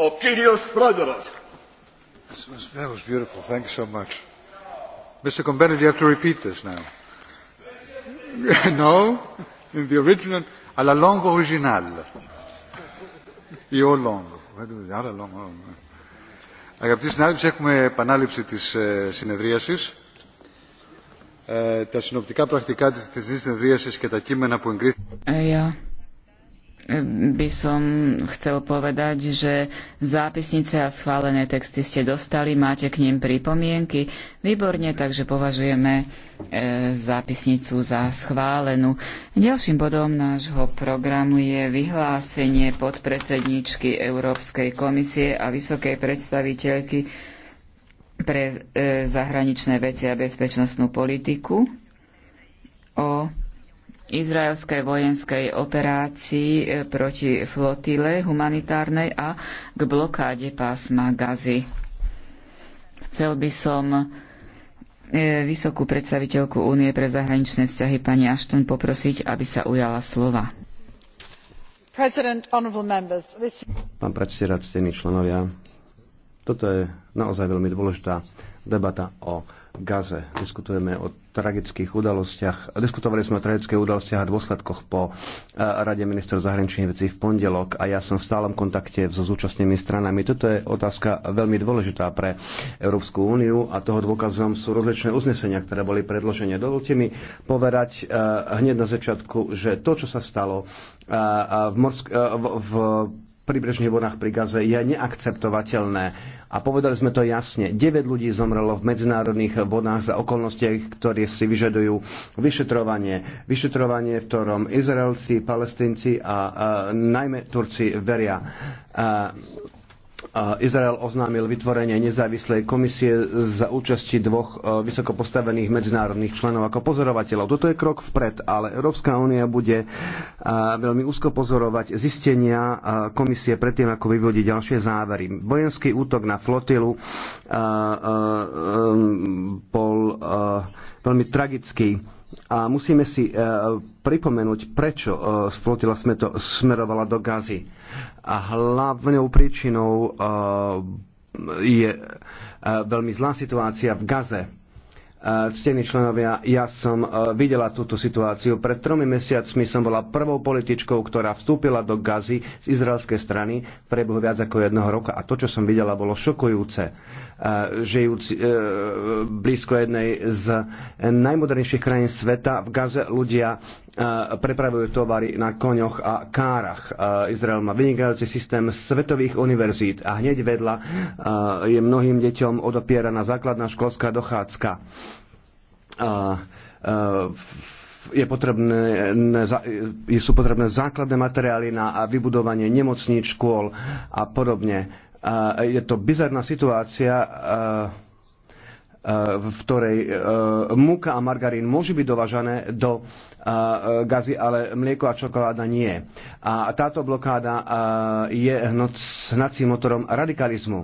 ο κύριος Πρόεδρος. That was beautiful. Thank you so much. Mr. Combendit, you have to repeat this now. no? In the original, alla longa originale. Io longo. Alla longa. Αγαπητοί συνάδελφοι, έχουμε επανάληψη της συνεδρίασης. Τα συνοπτικά πρακτικά της θεσμής συνεδρίασης και τα κείμενα που εγκρίθηκαν by som chcel povedať, že zápisnice a schválené texty ste dostali, máte k ním pripomienky. Výborne, takže považujeme e, zápisnicu za schválenú. Ďalším bodom nášho programu je vyhlásenie podpredsedničky Európskej komisie a vysokej predstaviteľky pre e, zahraničné veci a bezpečnostnú politiku o izraelskej vojenskej operácii e, proti flotile humanitárnej a k blokáde pásma Gazy. Chcel by som e, vysokú predstaviteľku Únie pre zahraničné vzťahy pani Ashton poprosiť, aby sa ujala slova. Pán predseda, ctení členovia, toto je naozaj veľmi dôležitá debata o Gaze. Diskutujeme o tragických udalostiach. Diskutovali sme o tragických udalostiach a dôsledkoch po e, Rade ministrov zahraničných vecí v pondelok a ja som v stálom kontakte so zúčastnými stranami. Toto je otázka veľmi dôležitá pre Európsku úniu a toho dôkazom sú rozličné uznesenia, ktoré boli predložené. Dovolte mi povedať e, hneď na začiatku, že to, čo sa stalo e, v, morsk- v príbrežných vodách pri Gaze je neakceptovateľné. A povedali sme to jasne. 9 ľudí zomrelo v medzinárodných vodách za okolnosti, ktoré si vyžadujú vyšetrovanie. Vyšetrovanie, v ktorom Izraelci, Palestinci a, a najmä Turci veria. A, Izrael oznámil vytvorenie nezávislej komisie za účasti dvoch e, vysoko postavených medzinárodných členov ako pozorovateľov. Toto je krok vpred, ale Európska únia bude e, veľmi úzko pozorovať zistenia e, komisie predtým, ako vyvodí ďalšie závery. Vojenský útok na flotilu bol veľmi tragický. A musíme si pripomenúť, prečo flotila smerovala do Gazy a hlavnou príčinou eh, je eh, veľmi zlá situácia v Gaze. Eh, ctení členovia, ja som videla túto situáciu. Pred tromi mesiacmi som bola prvou političkou, ktorá vstúpila do Gazy z izraelskej strany. Prebehlo viac ako jedného roka a to, čo som videla, bolo šokujúce. Žijúc blízko jednej z najmodernejších krajín sveta, v Gaze ľudia Eh, prepravujú tovary na koňoch a kárach. Eh, Izrael má vynikajúci systém svetových univerzít a hneď vedľa eh, je mnohým deťom odopieraná základná školská dochádzka. Je potrebné, sú potrebné základné materiály na vybudovanie nemocníc, škôl a podobne. Je to bizarná situácia E, v ktorej e, múka a margarín môžu byť dovažané do e, gazy, ale mlieko a čokoláda nie. A táto blokáda je hnacím motorom radikalizmu.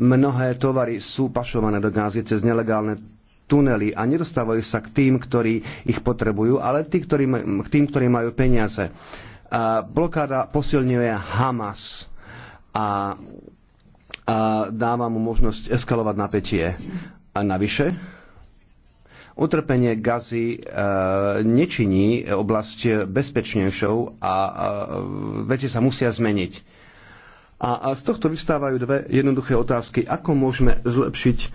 Mnohé tovary sú pašované do Gázy cez nelegálne tunely a nedostávajú sa k tým, ktorí ich potrebujú, ale tým, ktorí, k tým, ktorí majú peniaze. A blokáda posilňuje Hamas a, a dáva mu možnosť eskalovať napätie. A navyše, utrpenie gazy e, nečiní oblasť bezpečnejšou a e, veci sa musia zmeniť. A z tohto vystávajú dve jednoduché otázky. Ako môžeme zlepšiť e,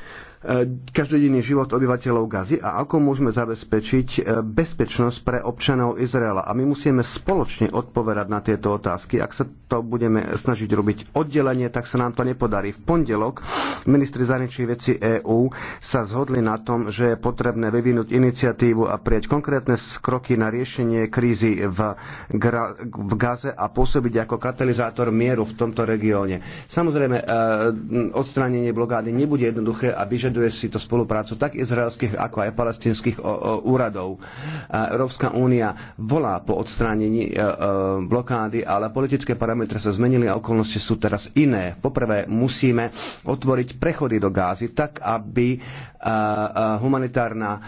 každodenný život obyvateľov Gazy a ako môžeme zabezpečiť bezpečnosť pre občanov Izraela. A my musíme spoločne odpovedať na tieto otázky. Ak sa to budeme snažiť robiť oddelenie, tak sa nám to nepodarí. V pondelok ministri zahraničných vecí EÚ sa zhodli na tom, že je potrebné vyvinúť iniciatívu a prieť konkrétne kroky na riešenie krízy v, Gra- v Gaze a pôsobiť ako katalizátor mieru v tomto regióne. Samozrejme, e, odstránenie blokády nebude jednoduché a vyžaduje si to spoluprácu tak izraelských ako aj palestinských úradov. Európska únia volá po odstránení e, e, blokády, ale politické parametre parametre sa zmenili a okolnosti sú teraz iné. Poprvé musíme otvoriť prechody do Gázy tak, aby humanitárna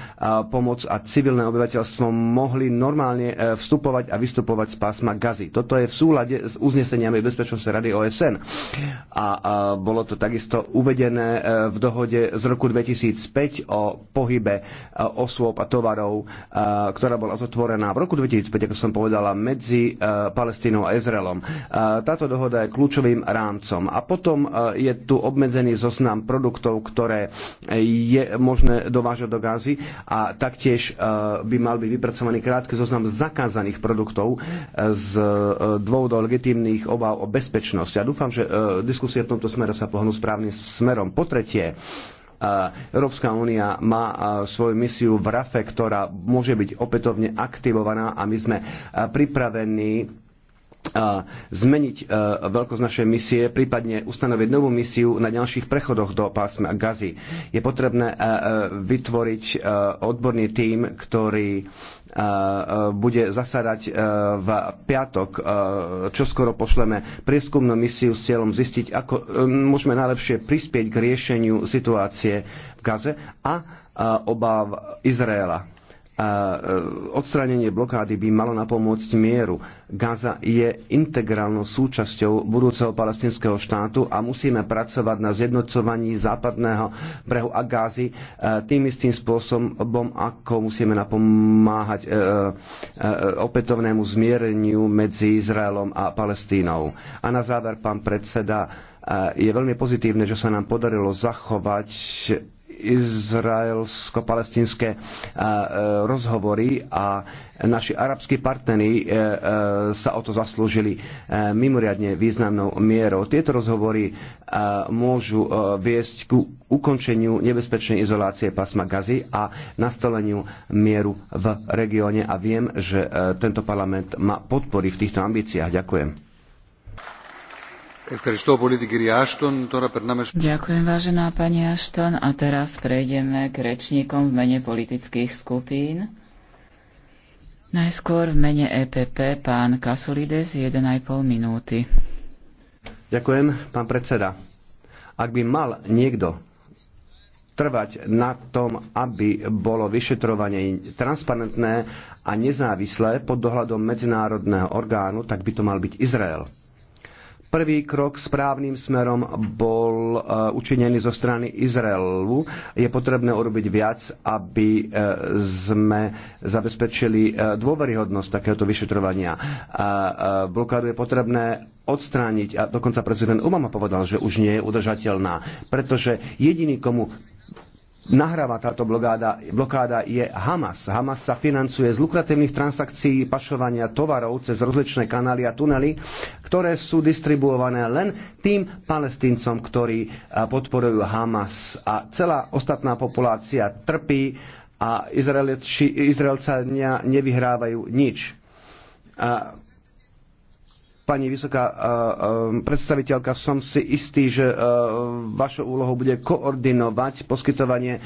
pomoc a civilné obyvateľstvo mohli normálne e, vstupovať a vystupovať z pásma Gazy. Toto je v súlade s uzneseniami Bezpečnostnej rady OSN. A bolo to takisto uvedené e, v dohode z roku 2005 o pohybe e, osôb a tovarov, ktorá bola zotvorená v roku 2005, ako som povedala, medzi Palestínou a Izraelom. Táto dohoda je kľúčovým rámcom. A potom je tu obmedzený zoznam produktov, ktoré je možné dovážať do Gázy a taktiež e, by mal byť vypracovaný krátky zoznam zakázaných produktov e, z e, dôvodov legitímnych obav o bezpečnosť. Ja dúfam, že diskusie v tomto smere sa pohnú správnym smerom. Po tretie, Európska únia má svoju misiu v RAFE, ktorá môže byť opätovne aktivovaná a my sme pripravení zmeniť e, veľkosť našej misie, prípadne ustanoviť novú misiu na ďalších prechodoch do pásma Gazy. Je potrebné e, e, vytvoriť odborný tím, ktorý bude zasadať v piatok. Čo skoro pošleme prieskumnú misiu s cieľom zistiť, ako môžeme najlepšie prispieť k riešeniu situácie v Gaze a obáv Izraela E, odstránenie blokády by malo napomôcť mieru. Gaza je integrálnou súčasťou budúceho palestinského štátu a musíme pracovať na zjednocovaní západného brehu a Gázy e, tým istým spôsobom, ako musíme napomáhať e, opätovnému zmiereniu medzi Izraelom a Palestínou. A na záver, pán predseda, je veľmi pozitívne, že sa nám podarilo zachovať izraelsko-palestinské e, e, rozhovory a naši arabskí partnery e, sa o to zaslúžili mimoriadne významnou mierou. Tieto rozhovory môžu viesť ku ukončeniu nebezpečnej izolácie pásma Gazy a nastoleniu mieru v regióne a viem, že tento parlament ma podporí v týchto ambíciách. Ďakujem. Ďakujem, vážená pani Ashton. A teraz prejdeme k rečníkom v mene politických skupín. Najskôr v mene EPP pán Kasolides 1,5 minúty. Ďakujem, pán predseda. Ak by mal niekto trvať na tom, aby bolo vyšetrovanie transparentné a nezávislé pod dohľadom medzinárodného orgánu, tak by to mal byť Izrael. Prvý krok správnym smerom bol e, učinený zo strany Izraelu. Je potrebné urobiť viac, aby e, sme zabezpečili e, dôveryhodnosť takéhoto vyšetrovania. Blokádu je potrebné odstrániť a dokonca prezident Obama povedal, že už nie je udržateľná, pretože jediný, komu nahráva táto blokáda, blokáda je Hamas. Hamas sa financuje z lukratívnych transakcií pašovania tovarov cez rozličné kanály a tunely, ktoré sú distribuované len tým palestíncom, ktorí e, podporujú Hamas. A celá ostatná populácia trpí a Izraelci, Izraelcania nevyhrávajú nič. A Pani vysoká predstaviteľka, som si istý, že vašou úlohou bude koordinovať poskytovanie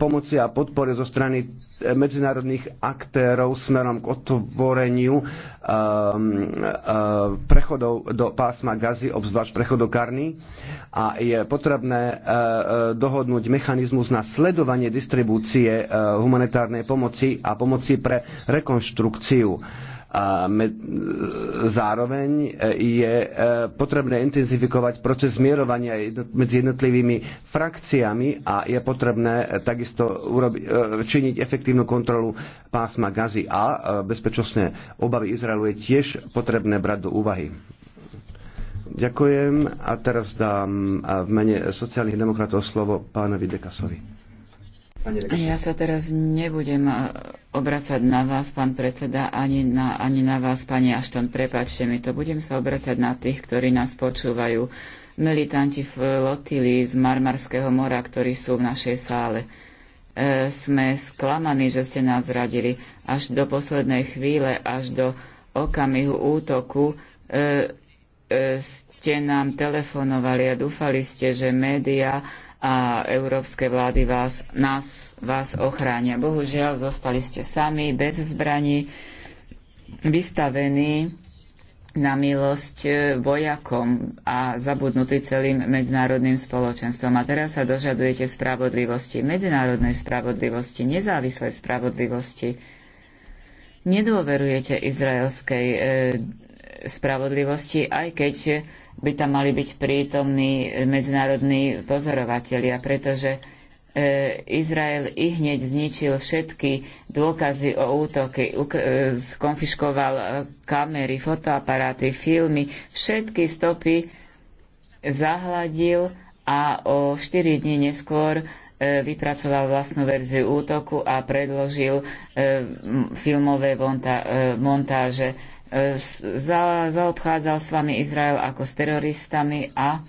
pomoci a podpory zo strany e, medzinárodných aktérov smerom k otvoreniu prechodov do pásma gazy, obzvlášť prechodov Karny. A je potrebné e, e, dohodnúť mechanizmus na sledovanie distribúcie humanitárnej pomoci a pomoci pre rekonštrukciu a zároveň e, je e, potrebné intenzifikovať proces zmierovania medzi jednotlivými frakciami a je potrebné e, takisto urobi, činiť efektívnu kontrolu pásma gazy a bezpečnostné obavy Izraelu je tiež potrebné brať do úvahy. Ďakujem a teraz dám v mene sociálnych demokratov slovo pánovi Dekasovi. Ja sa teraz nebudem e, obracať na vás, pán predseda, ani na, ani na vás, pani Ašton, prepačte mi to. Budem sa obracať na tých, ktorí nás počúvajú. Militanti v lotili z Marmarského mora, ktorí sú v našej sále. E, sme sklamaní, že ste nás radili. Až do poslednej chvíle, až do okamihu útoku e, e, ste nám telefonovali a dúfali ste, že médiá a európske vlády vás, nás, vás ochránia. Bohužiaľ, zostali ste sami, bez zbraní, vystavení na milosť e, vojakom a zabudnutý celým medzinárodným spoločenstvom. A teraz sa dožadujete spravodlivosti, medzinárodnej spravodlivosti, nezávislej spravodlivosti. Nedôverujete izraelskej e, spravodlivosti, aj keď by tam mali byť prítomní medzinárodní pozorovatelia, pretože e, Izrael i hneď zničil všetky dôkazy o útoky, e, skonfiškoval e, kamery, fotoaparáty, filmy, všetky stopy zahladil a o 4 dní neskôr vypracoval vlastnú verziu útoku a predložil filmové montáže E, za, zaobchádzal s vami Izrael ako s teroristami a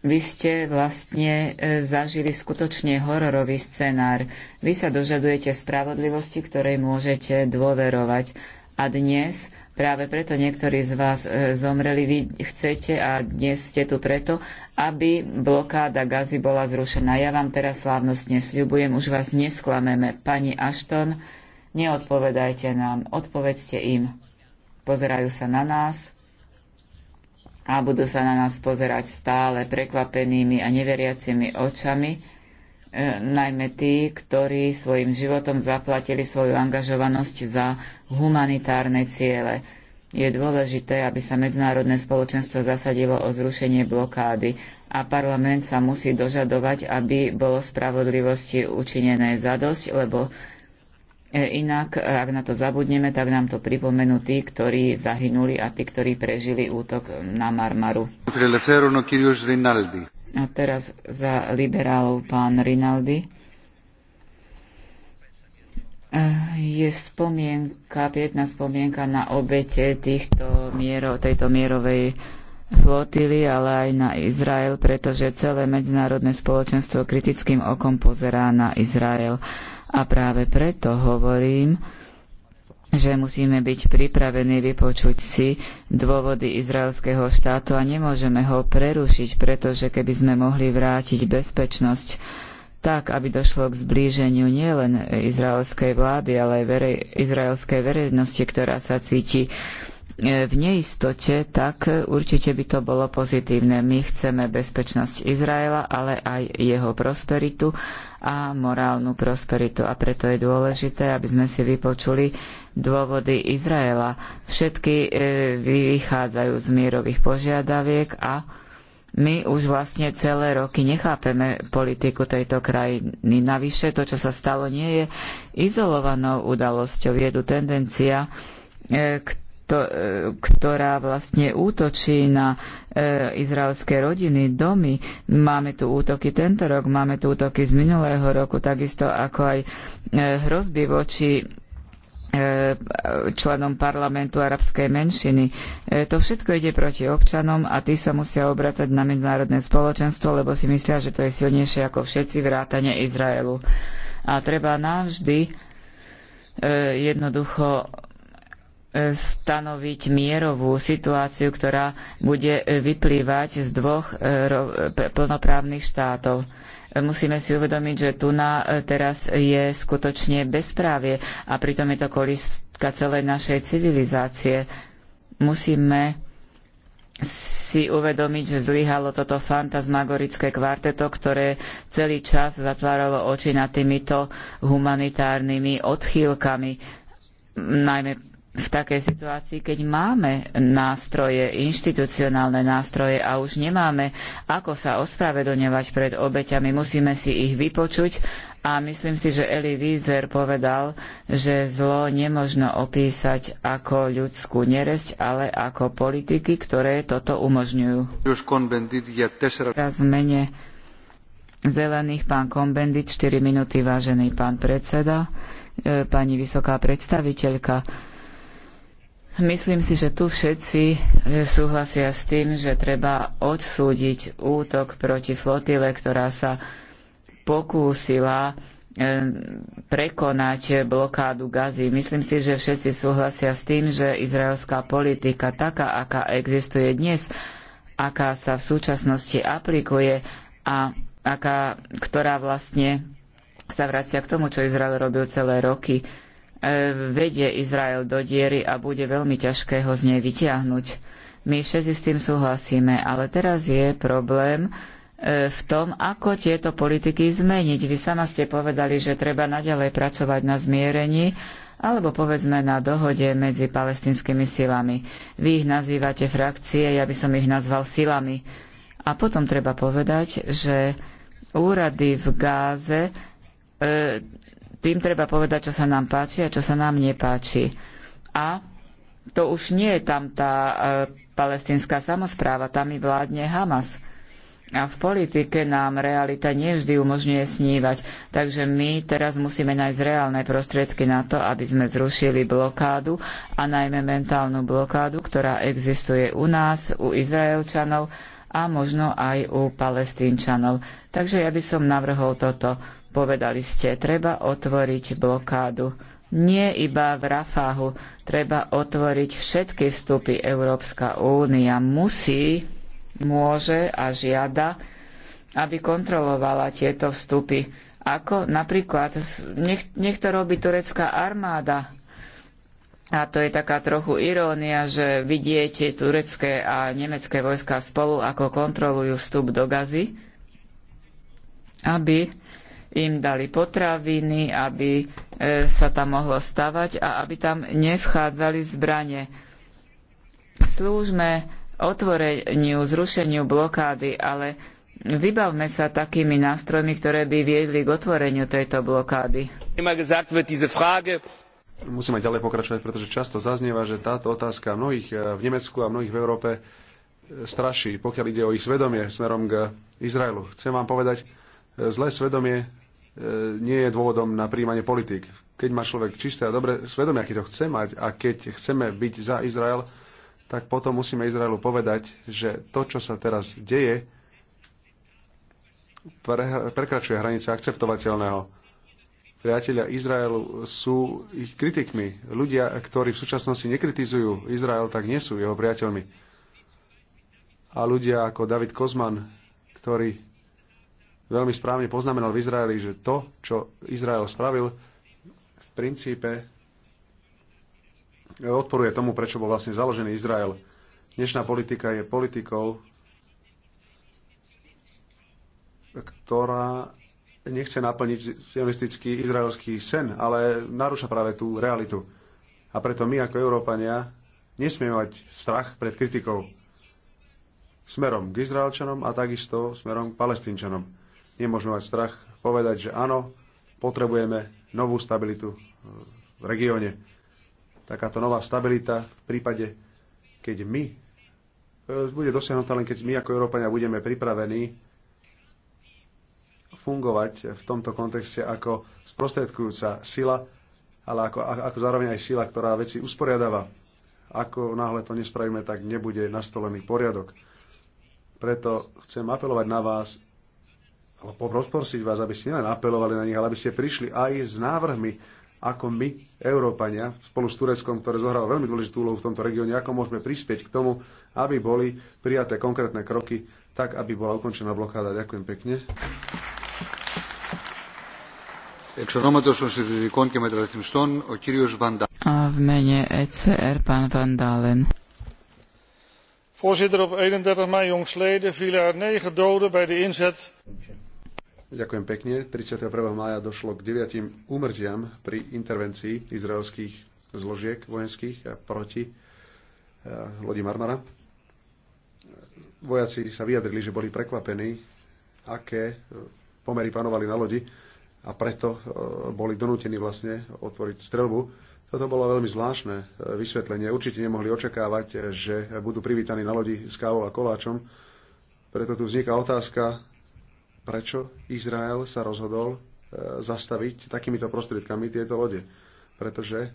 vy ste vlastne e, zažili skutočne hororový scenár. Vy sa dožadujete spravodlivosti, ktorej môžete dôverovať. A dnes, práve preto niektorí z vás e, zomreli, vy chcete a dnes ste tu preto, aby blokáda gazy bola zrušená. Ja vám teraz slávnostne sľubujem, už vás nesklameme. Pani Ashton, neodpovedajte nám, odpovedzte im pozerajú sa na nás a budú sa na nás pozerať stále prekvapenými a neveriacimi očami, e, najmä tí, ktorí svojim životom zaplatili svoju angažovanosť za humanitárne ciele. Je dôležité, aby sa medzinárodné spoločenstvo zasadilo o zrušenie blokády a parlament sa musí dožadovať, aby bolo spravodlivosti učinené zadosť, lebo E, inak, e, ak na to zabudneme, tak nám to pripomenú tí, ktorí zahynuli a tí, ktorí prežili útok na Marmaru. A teraz za liberálov pán Rinaldi. E, je spomienka, pietná spomienka na obete týchto miero, tejto mierovej flotily, ale aj na Izrael, pretože celé medzinárodné spoločenstvo kritickým okom pozerá na Izrael. A práve preto hovorím, že musíme byť pripravení vypočuť si dôvody izraelského štátu a nemôžeme ho prerušiť, pretože keby sme mohli vrátiť bezpečnosť tak, aby došlo k zblíženiu nielen izraelskej vlády, ale aj verej, izraelskej verejnosti, ktorá sa cíti E, v neistote, tak určite by to bolo pozitívne. My chceme bezpečnosť Izraela, ale aj jeho prosperitu a morálnu prosperitu. A preto je dôležité, aby sme si vypočuli dôvody Izraela. Všetky e, vychádzajú z mierových požiadaviek a my už vlastne celé roky nechápeme politiku tejto krajiny. Navyše to, čo sa stalo, nie je izolovanou udalosťou. Je tu tendencia, e, E, ktorá vlastne útočí na e, izraelské rodiny, domy. Máme tu útoky tento rok, máme tu útoky z minulého roku, takisto ako aj e, hrozby voči e, členom parlamentu arabskej menšiny. E, to všetko ide proti občanom a tí sa musia obracať na medzinárodné spoločenstvo, lebo si myslia, že to je silnejšie ako všetci vrátane Izraelu. A treba navždy jednoducho stanoviť mierovú situáciu, ktorá bude vyplývať z dvoch e, e, plnoprávnych štátov. Musíme si uvedomiť, že tu na e, teraz je skutočne bezprávie a pritom je to kolistka celej našej civilizácie. Musíme si uvedomiť, že zlyhalo toto fantasmagorické kvarteto, ktoré celý čas zatváralo oči nad týmito humanitárnymi odchýlkami, najmä v takej situácii, keď máme nástroje, inštitucionálne nástroje a už nemáme ako sa ospravedlňovať pred obeťami, musíme si ich vypočuť a myslím si, že Elie Wieser povedal, že zlo nemožno opísať ako ľudskú neresť, ale ako politiky, ktoré toto umožňujú. v mene zelených pán Kombendit, 4 minúty, vážený pán predseda, e, pani vysoká predstaviteľka Myslím si, že tu všetci e, súhlasia s tým, že treba odsúdiť útok proti flotile, ktorá sa pokúsila e, prekonať blokádu Gazy. Myslím si, že všetci súhlasia s tým, že izraelská politika, taká, aká existuje dnes, aká sa v súčasnosti aplikuje a aká, ktorá vlastne sa vracia k tomu, čo Izrael robil celé roky, vedie Izrael do diery a bude veľmi ťažké ho z nej vyťahnuť. My všetci s tým súhlasíme, ale teraz je problém e, v tom, ako tieto politiky zmeniť. Vy sama ste povedali, že treba naďalej pracovať na zmierení alebo povedzme na dohode medzi palestinskými silami. Vy ich nazývate frakcie, ja by som ich nazval silami. A potom treba povedať, že úrady v Gáze e, tým treba povedať, čo sa nám páči a čo sa nám nepáči. A to už nie je tam tá e, palestinská samozpráva, tam i vládne Hamas. A v politike nám realita nevždy umožňuje snívať, takže my teraz musíme nájsť reálne prostriedky na to, aby sme zrušili blokádu a najmä mentálnu blokádu, ktorá existuje u nás, u Izraelčanov a možno aj u Palestínčanov. Takže ja by som navrhol toto Povedali ste, treba otvoriť blokádu. Nie iba v Rafahu. treba otvoriť všetky vstupy. Európska únia musí, môže a žiada, aby kontrolovala tieto vstupy. Ako napríklad, nech, nech to robí turecká armáda, a to je taká trochu irónia, že vidíte turecké a nemecké vojska spolu, ako kontrolujú vstup do Gazy, aby im dali potraviny, aby e, sa tam mohlo stavať a aby tam nevchádzali zbranie. Slúžme otvoreniu, zrušeniu blokády, ale vybavme sa takými nástrojmi, ktoré by viedli k otvoreniu tejto blokády. Musíme ďalej pokračovať, pretože často zaznieva, že táto otázka mnohých e, v Nemecku a mnohých v Európe e, straší, pokiaľ ide o ich svedomie smerom k Izraelu. Chcem vám povedať, zlé svedomie E, nie je dôvodom na príjmanie politik. Keď má človek čisté a dobre svedomie, aký to chce mať a keď chceme byť za Izrael, tak potom musíme Izraelu povedať, že to, čo sa teraz deje, pre, prekračuje hranice akceptovateľného. Priatelia Izraelu sú ich kritikmi. Ľudia, ktorí v súčasnosti nekritizujú Izrael, tak nie sú jeho priateľmi. A ľudia ako David Kozman, ktorý veľmi správne poznamenal v Izraeli, že to, čo Izrael spravil, v princípe odporuje tomu, prečo bol vlastne založený Izrael. Dnešná politika je politikou, ktorá nechce naplniť sionistický izraelský sen, ale narúša práve tú realitu. A preto my ako Európania nesmieme mať strach pred kritikou smerom k Izraelčanom a takisto smerom k Palestínčanom nemôžeme mať strach povedať, že áno, potrebujeme novú stabilitu e, v regióne. Takáto nová stabilita v prípade, keď my, e, bude dosiahnutá len keď my ako Európania budeme pripravení fungovať v tomto kontexte ako sprostredkujúca sila, ale ako, ako zároveň aj sila, ktorá veci usporiadáva. Ako náhle to nespravíme, tak nebude nastolený poriadok. Preto chcem apelovať na vás, ale poprosiť vás, aby ste nielen apelovali na nich, ale aby ste prišli aj s návrhmi, ako my, Európania, spolu s Tureckom, ktoré zohralo veľmi dôležitú úlohu v tomto regióne, ako môžeme prispieť k tomu, aby boli prijaté konkrétne kroky, tak aby bola ukončená blokáda. Ďakujem pekne. A v mene ECR pán Van Dalen. Voorzitter, op 31 mei jongstleden vielen er 9 doden bij de inzet Ďakujem pekne. 31. mája došlo k deviatim úmrtiam pri intervencii izraelských zložiek vojenských proti e, lodi Marmara. Vojaci sa vyjadrili, že boli prekvapení, aké e, pomery panovali na lodi a preto e, boli donútení vlastne otvoriť strelbu. Toto bolo veľmi zvláštne vysvetlenie. Určite nemohli očakávať, že budú privítaní na lodi s kávou a koláčom. Preto tu vzniká otázka, prečo Izrael sa rozhodol e, zastaviť takýmito prostriedkami tieto lode. Pretože e,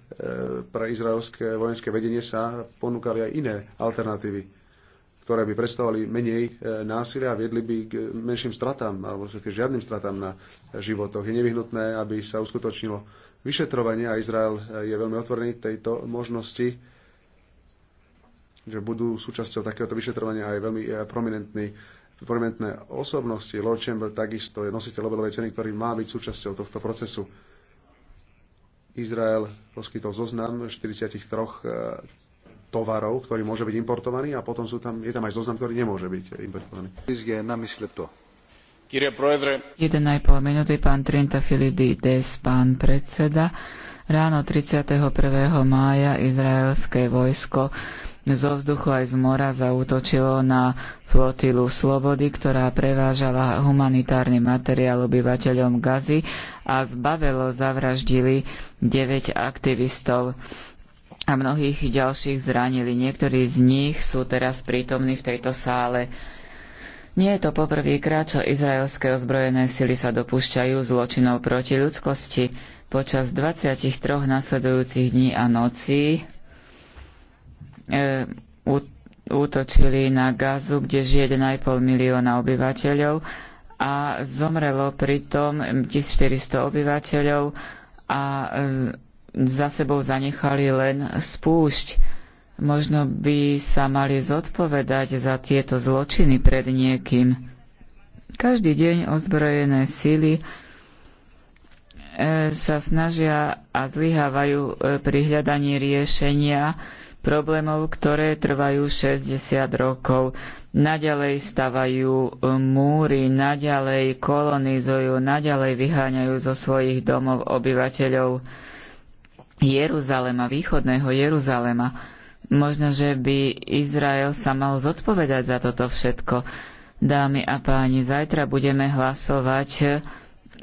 pre izraelské vojenské vedenie sa ponúkali aj iné alternatívy, ktoré by predstavovali menej e, násilia a viedli by k menším stratám alebo k žiadnym stratám na životoch. Je nevyhnutné, aby sa uskutočnilo vyšetrovanie a Izrael je veľmi otvorený tejto možnosti že budú súčasťou takéhoto vyšetrovania aj veľmi prominentní prominentné osobnosti. Lord Chamber takisto je nositeľ Nobelovej ceny, ktorý má byť súčasťou tohto procesu. Izrael poskytol zoznam 43 e, tovarov, ktorý môže byť importovaný a potom sú tam, je tam aj zoznam, ktorý nemôže byť importovaný. Jeden aj pol minúty, pán Trinta Filidides, pán predseda. Ráno 31. mája izraelské vojsko zo vzduchu aj z mora zautočilo na flotilu Slobody, ktorá prevážala humanitárny materiál obyvateľom Gazy a zbavelo zavraždili 9 aktivistov a mnohých ďalších zranili. Niektorí z nich sú teraz prítomní v tejto sále. Nie je to poprvýkrát, čo izraelské ozbrojené sily sa dopúšťajú zločinov proti ľudskosti. Počas 23 nasledujúcich dní a nocí E, útočili na Gazu, kde žije 1,5 milióna obyvateľov a zomrelo pritom 1400 obyvateľov a za sebou zanechali len spúšť. Možno by sa mali zodpovedať za tieto zločiny pred niekým. Každý deň ozbrojené síly e, sa snažia a zlyhávajú e, pri hľadaní riešenia problémov, ktoré trvajú 60 rokov. Naďalej stavajú e, múry, naďalej kolonizujú, naďalej vyháňajú zo svojich domov obyvateľov Jeruzalema, východného Jeruzalema. Možno, že by Izrael sa mal zodpovedať za toto všetko. Dámy a páni, zajtra budeme hlasovať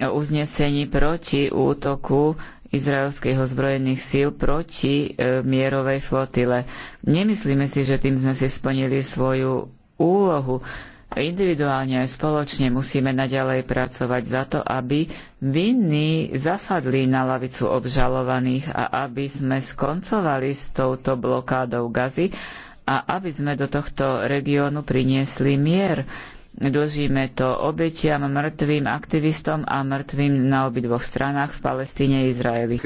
o uznesení proti útoku izraelských ozbrojených síl proti e, mierovej flotile. Nemyslíme si, že tým sme si splnili svoju úlohu. Individuálne aj spoločne musíme naďalej pracovať za to, aby vinní zasadli na lavicu obžalovaných a aby sme skoncovali s touto blokádou gazy a aby sme do tohto regiónu priniesli mier. Dlžíme to obetiam, mŕtvým aktivistom a mŕtvým na obidvoch stranách v Palestíne a Izraeli.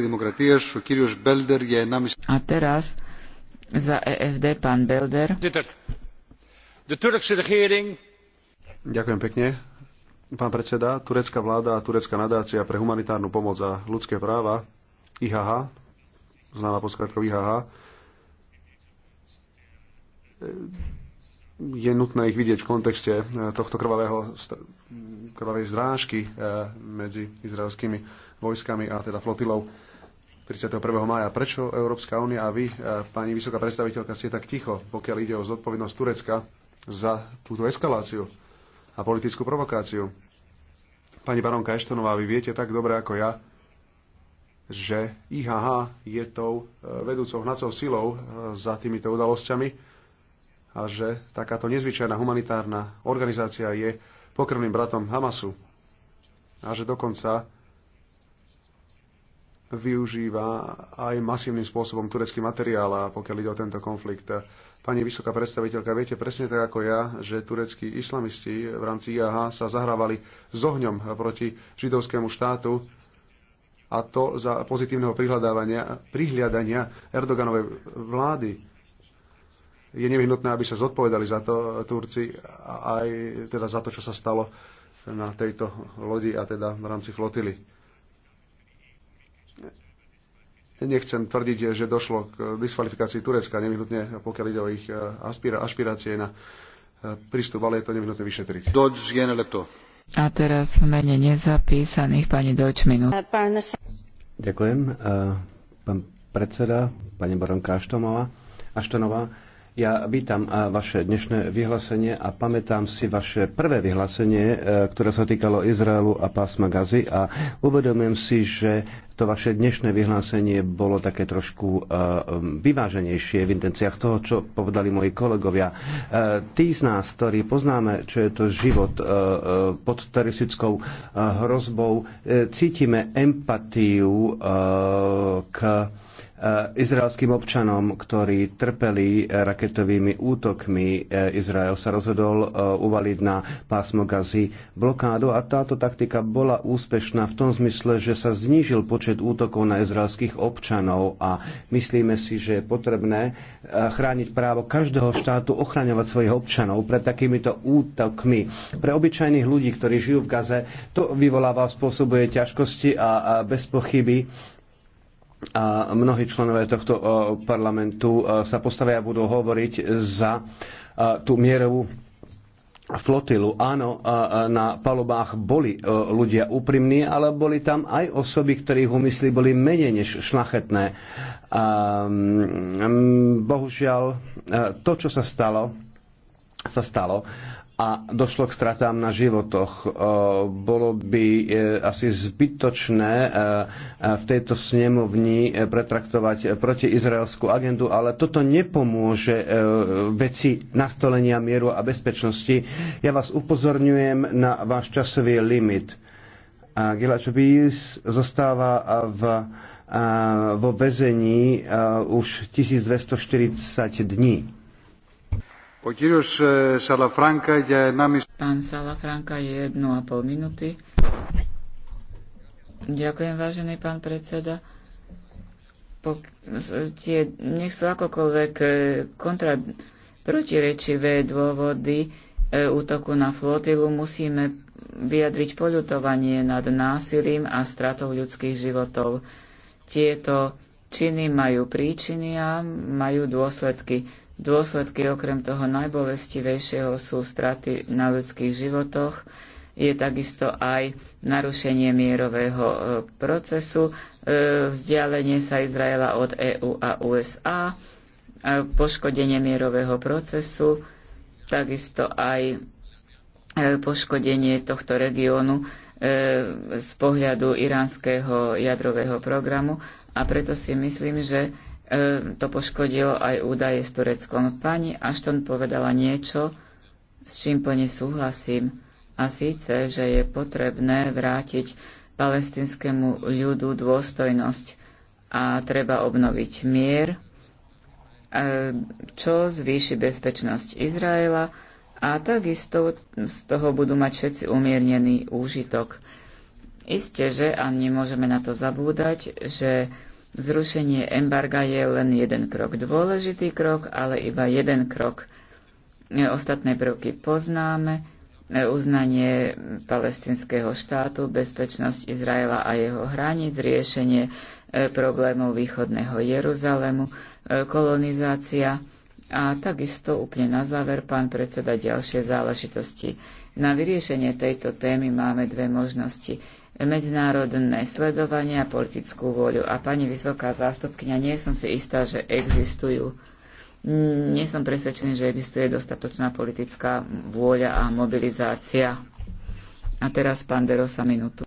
A teraz za EFD pán Belder. Ďakujem pekne. Pán predseda, turecká vláda a turecká nadácia pre humanitárnu pomoc a ľudské práva, IHH, známa pod skratkou IHH, je nutné ich vidieť v kontexte eh, tohto krvavého, krvavej zrážky eh, medzi izraelskými vojskami a teda flotilou 31. maja. Prečo Európska únia a vy, eh, pani vysoká predstaviteľka, ste tak ticho, pokiaľ ide o zodpovednosť Turecka za túto eskaláciu a politickú provokáciu? Pani baronka Eštonová, vy viete tak dobre ako ja, že IHH je tou vedúcou hnacou silou za týmito udalosťami a že takáto nezvyčajná humanitárna organizácia je pokrvným bratom Hamasu a že dokonca využíva aj masívnym spôsobom turecký materiál, a pokiaľ ide o tento konflikt. Pani vysoká predstaviteľka, viete presne tak ako ja, že tureckí islamisti v rámci IAH sa zahrávali s ohňom proti židovskému štátu a to za pozitívneho prihľadávania, prihliadania Erdoganovej vlády je nevyhnutné, aby sa zodpovedali za to Turci a aj teda za to, čo sa stalo na tejto lodi a teda v rámci flotily. Nechcem tvrdiť, že došlo k diskvalifikácii Turecka, nevyhnutne pokiaľ ide o ich e, ašpirácie na e, prístup, ale je to nevyhnutné vyšetriť. A teraz v mene nezapísaných pani Doč Ďakujem. E, pán predseda, pani baronka Aštonová ja vítam vaše dnešné vyhlásenie a pamätám si vaše prvé vyhlásenie, e, ktoré sa týkalo Izraelu a pásma Gazy a uvedomujem si, že to vaše dnešné vyhlásenie bolo také trošku e, vyváženejšie v intenciách toho, čo povedali moji kolegovia. E, tí z nás, ktorí poznáme, čo je to život pod teroristickou hrozbou, cítime empatiu k Eh, izraelským občanom, ktorí trpeli eh, raketovými útokmi. Eh, Izrael sa rozhodol uvaliť na pásmo Gazy blokádu a táto taktika bola úspešná v tom zmysle, že sa znížil počet útokov na izraelských občanov a myslíme si, že je potrebné chrániť právo každého štátu ochraňovať svojich občanov pred takýmito útokmi. Pre obyčajných ľudí, ktorí žijú v Gaze, to vyvoláva, spôsobuje ťažkosti a, a bez pochyby a mnohí členové tohto parlamentu sa postavia a budú hovoriť za tú mierovú flotilu. Áno, na palobách boli ľudia úprimní, ale boli tam aj osoby, ktorých úmysly boli menej než šlachetné. Bohužiaľ, to, čo sa stalo, sa stalo a došlo k stratám na životoch. E, bolo by e, asi zbytočné e, v tejto snemovni pretraktovať protiizraelskú agendu, ale toto nepomôže veci nastolenia mieru a bezpečnosti. Ja vás upozorňujem na váš časový limit. Gilačobis zostáva v vo väzení už 1240 dní. Pán Salafranka je jednu a pol minúty. Ďakujem, vážený pán predseda. Po, tie, nech sú akokoľvek kontra protirečivé dôvody e, útoku na flotilu, musíme vyjadriť poľutovanie nad násilím a stratou ľudských životov. Tieto činy majú príčiny a majú dôsledky Dôsledky okrem toho najbolestivejšieho sú straty na ľudských životoch, je takisto aj narušenie mierového e, procesu, e, vzdialenie sa Izraela od EÚ a USA, e, poškodenie mierového procesu, takisto aj poškodenie tohto regiónu z pohľadu iránskeho jadrového programu a preto si myslím, že to poškodilo aj údaje s Tureckom. Pani Ashton povedala niečo, s čím plne súhlasím, a síce, že je potrebné vrátiť palestinskému ľudu dôstojnosť a treba obnoviť mier, čo zvýši bezpečnosť Izraela a takisto z toho budú mať všetci umiernený úžitok. Isté, že, a nemôžeme na to zabúdať, že Zrušenie embarga je len jeden krok. Dôležitý krok, ale iba jeden krok. E, ostatné prvky poznáme. E, uznanie palestinského štátu, bezpečnosť Izraela a jeho hraníc, riešenie e, problémov východného Jeruzalemu, kolonizácia a takisto úplne na záver, pán predseda, ďalšie záležitosti. Na vyriešenie tejto témy máme dve možnosti medzinárodné sledovanie a politickú vôľu. A pani vysoká zástupkynia, nie som si istá, že existujú. Nie som presvedčený, že existuje dostatočná politická vôľa a mobilizácia. A teraz pán Derosa minútu.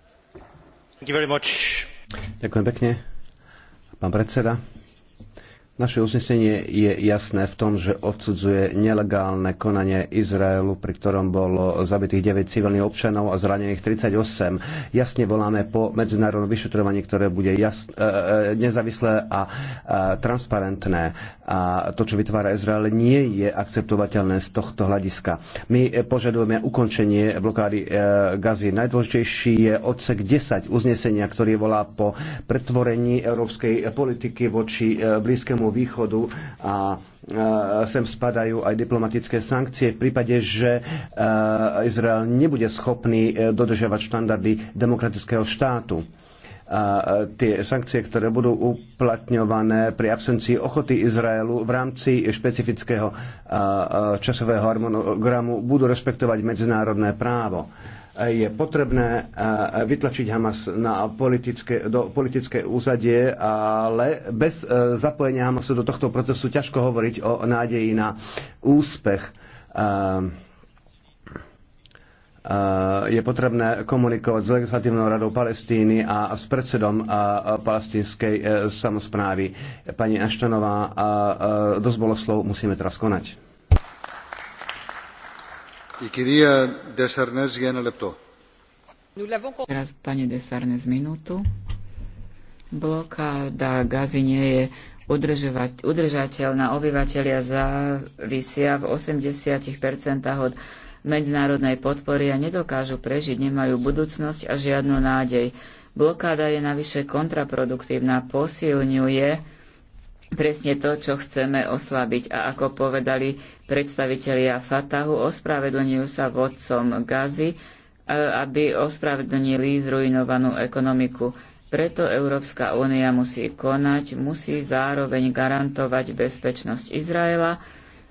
Ďakujem pekne. Pán predseda, naše uznesenie je jasné v tom, že odsudzuje nelegálne konanie Izraelu, pri ktorom bolo zabitých 9 civilných občanov a zranených 38. Jasne voláme po medzinárodnom vyšetrovaní, ktoré bude jas, e, e nezávislé a e, transparentné a to, čo vytvára Izrael, nie je akceptovateľné z tohto hľadiska. My eh, požadujeme ukončenie blokády eh, Gazy. Najdôležitejší je odsek 10 uznesenia, ktorý volá po pretvorení európskej politiky voči eh, Blízkému východu a sem spadajú aj diplomatické sankcie v prípade, že Izrael nebude schopný dodržiavať štandardy demokratického štátu tie sankcie, ktoré budú uplatňované pri absencii ochoty Izraelu v rámci špecifického časového harmonogramu, budú rešpektovať medzinárodné právo je potrebné vytlačiť Hamas na politické, do politické úzadie, ale bez e, zapojenia Hamasu do tohto procesu ťažko hovoriť o nádeji na úspech. Eh, je potrebné komunikovať s legislatívnou radou Palestíny a s predsedom eh, palestínskej eh, samozprávy. Pani Aštanová, dosť bolo slov, musíme teraz konať. Teraz pani Desarnes minútu. Blokáda Gazy nie je udržateľná. Obyvateľia závisia v 80% od medzinárodnej podpory a nedokážu prežiť, nemajú budúcnosť a žiadnu nádej. Blokáda je navyše kontraproduktívna, posilňuje presne to, čo chceme oslabiť. A ako povedali predstavitelia Fatahu, ospravedlňujú sa vodcom Gazy, e, aby ospravedlnili zrujnovanú ekonomiku. Preto Európska únia musí konať, musí zároveň garantovať bezpečnosť Izraela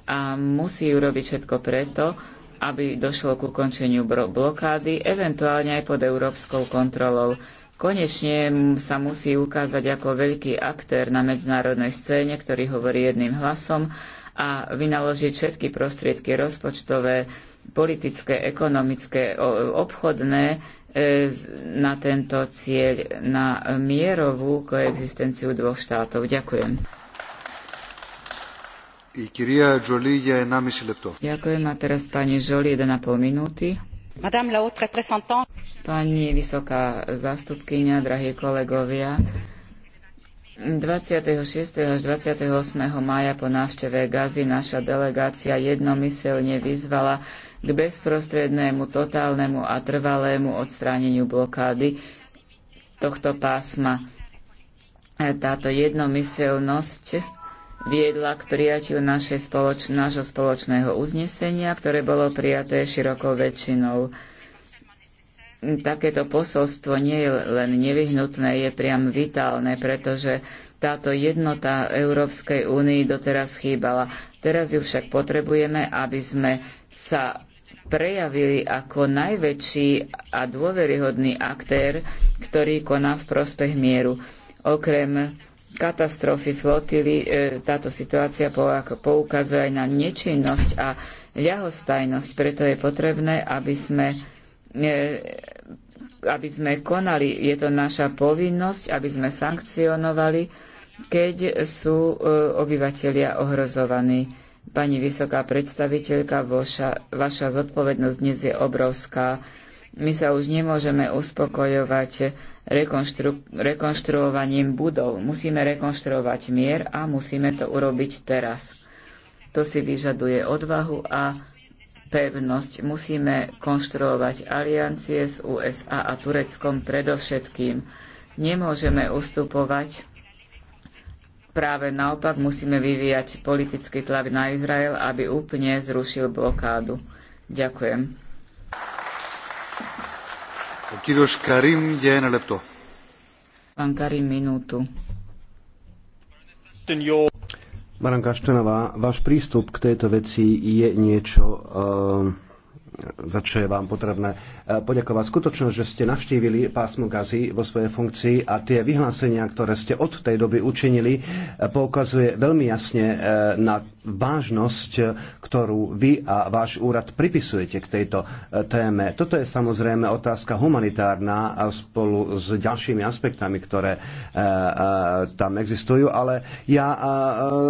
a musí urobiť všetko preto, aby došlo k ukončeniu blokády, eventuálne aj pod európskou kontrolou. Konečne sa musí ukázať ako veľký aktér na medzinárodnej scéne, ktorý hovorí jedným hlasom a vynaložiť všetky prostriedky rozpočtové, politické, ekonomické, obchodné e, na tento cieľ, na mierovú koexistenciu dvoch štátov. Ďakujem. Ďakujem a teraz pani Žoli 1,5 minúty. Pani vysoká zástupkynia, drahí kolegovia, 26. až 28. maja po návšteve Gazy naša delegácia jednomyselne vyzvala k bezprostrednému, totálnemu a trvalému odstráneniu blokády tohto pásma. E, táto jednomyselnosť viedla k prijatiu naše spoloč- nášho spoločného uznesenia, ktoré bolo prijaté širokou väčšinou. Takéto posolstvo nie je len nevyhnutné, je priam vitálne, pretože táto jednota Európskej únii doteraz chýbala. Teraz ju však potrebujeme, aby sme sa prejavili ako najväčší a dôveryhodný aktér, ktorý koná v prospech mieru. Okrem katastrofy flotily e, táto situácia poukazuje aj na nečinnosť a ľahostajnosť. Preto je potrebné, aby sme, e, aby sme konali. Je to naša povinnosť, aby sme sankcionovali, keď sú e, obyvateľia ohrozovaní. Pani vysoká predstaviteľka, vaša, vaša zodpovednosť dnes je obrovská my sa už nemôžeme uspokojovať rekonštru- rekonštruovaním budov. Musíme rekonštruovať mier a musíme to urobiť teraz. To si vyžaduje odvahu a pevnosť. Musíme konštruovať aliancie s USA a Tureckom predovšetkým. Nemôžeme ustupovať Práve naopak musíme vyvíjať politický tlak na Izrael, aby úplne zrušil blokádu. Ďakujem. Pán Karim, minútu. Baranka Štenová, váš prístup k tejto veci je niečo uh, za čo je vám potrebné e, poďakovať. Skutočnosť, že ste navštívili pásmo Gazy vo svojej funkcii a tie vyhlásenia, ktoré ste od tej doby učinili, e, poukazuje veľmi jasne e, na vážnosť, ktorú vy a váš úrad pripisujete k tejto téme. Toto je samozrejme otázka humanitárna a spolu s ďalšími aspektami, ktoré tam existujú, ale ja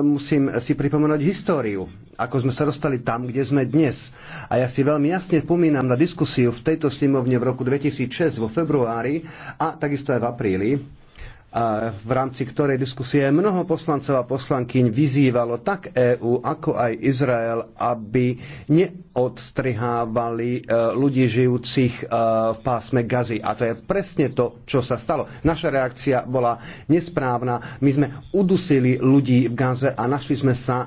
musím si pripomenúť históriu ako sme sa dostali tam, kde sme dnes. A ja si veľmi jasne spomínam na diskusiu v tejto snemovne v roku 2006 vo februári a takisto aj v apríli, a v rámci ktorej diskusie mnoho poslancov a poslankyň vyzývalo tak EÚ, ako aj Izrael, aby neodstrihávali e, ľudí žijúcich e, v pásme Gazy. A to je presne to, čo sa stalo. Naša reakcia bola nesprávna. My sme udusili ľudí v Gaze a našli sme sa uh,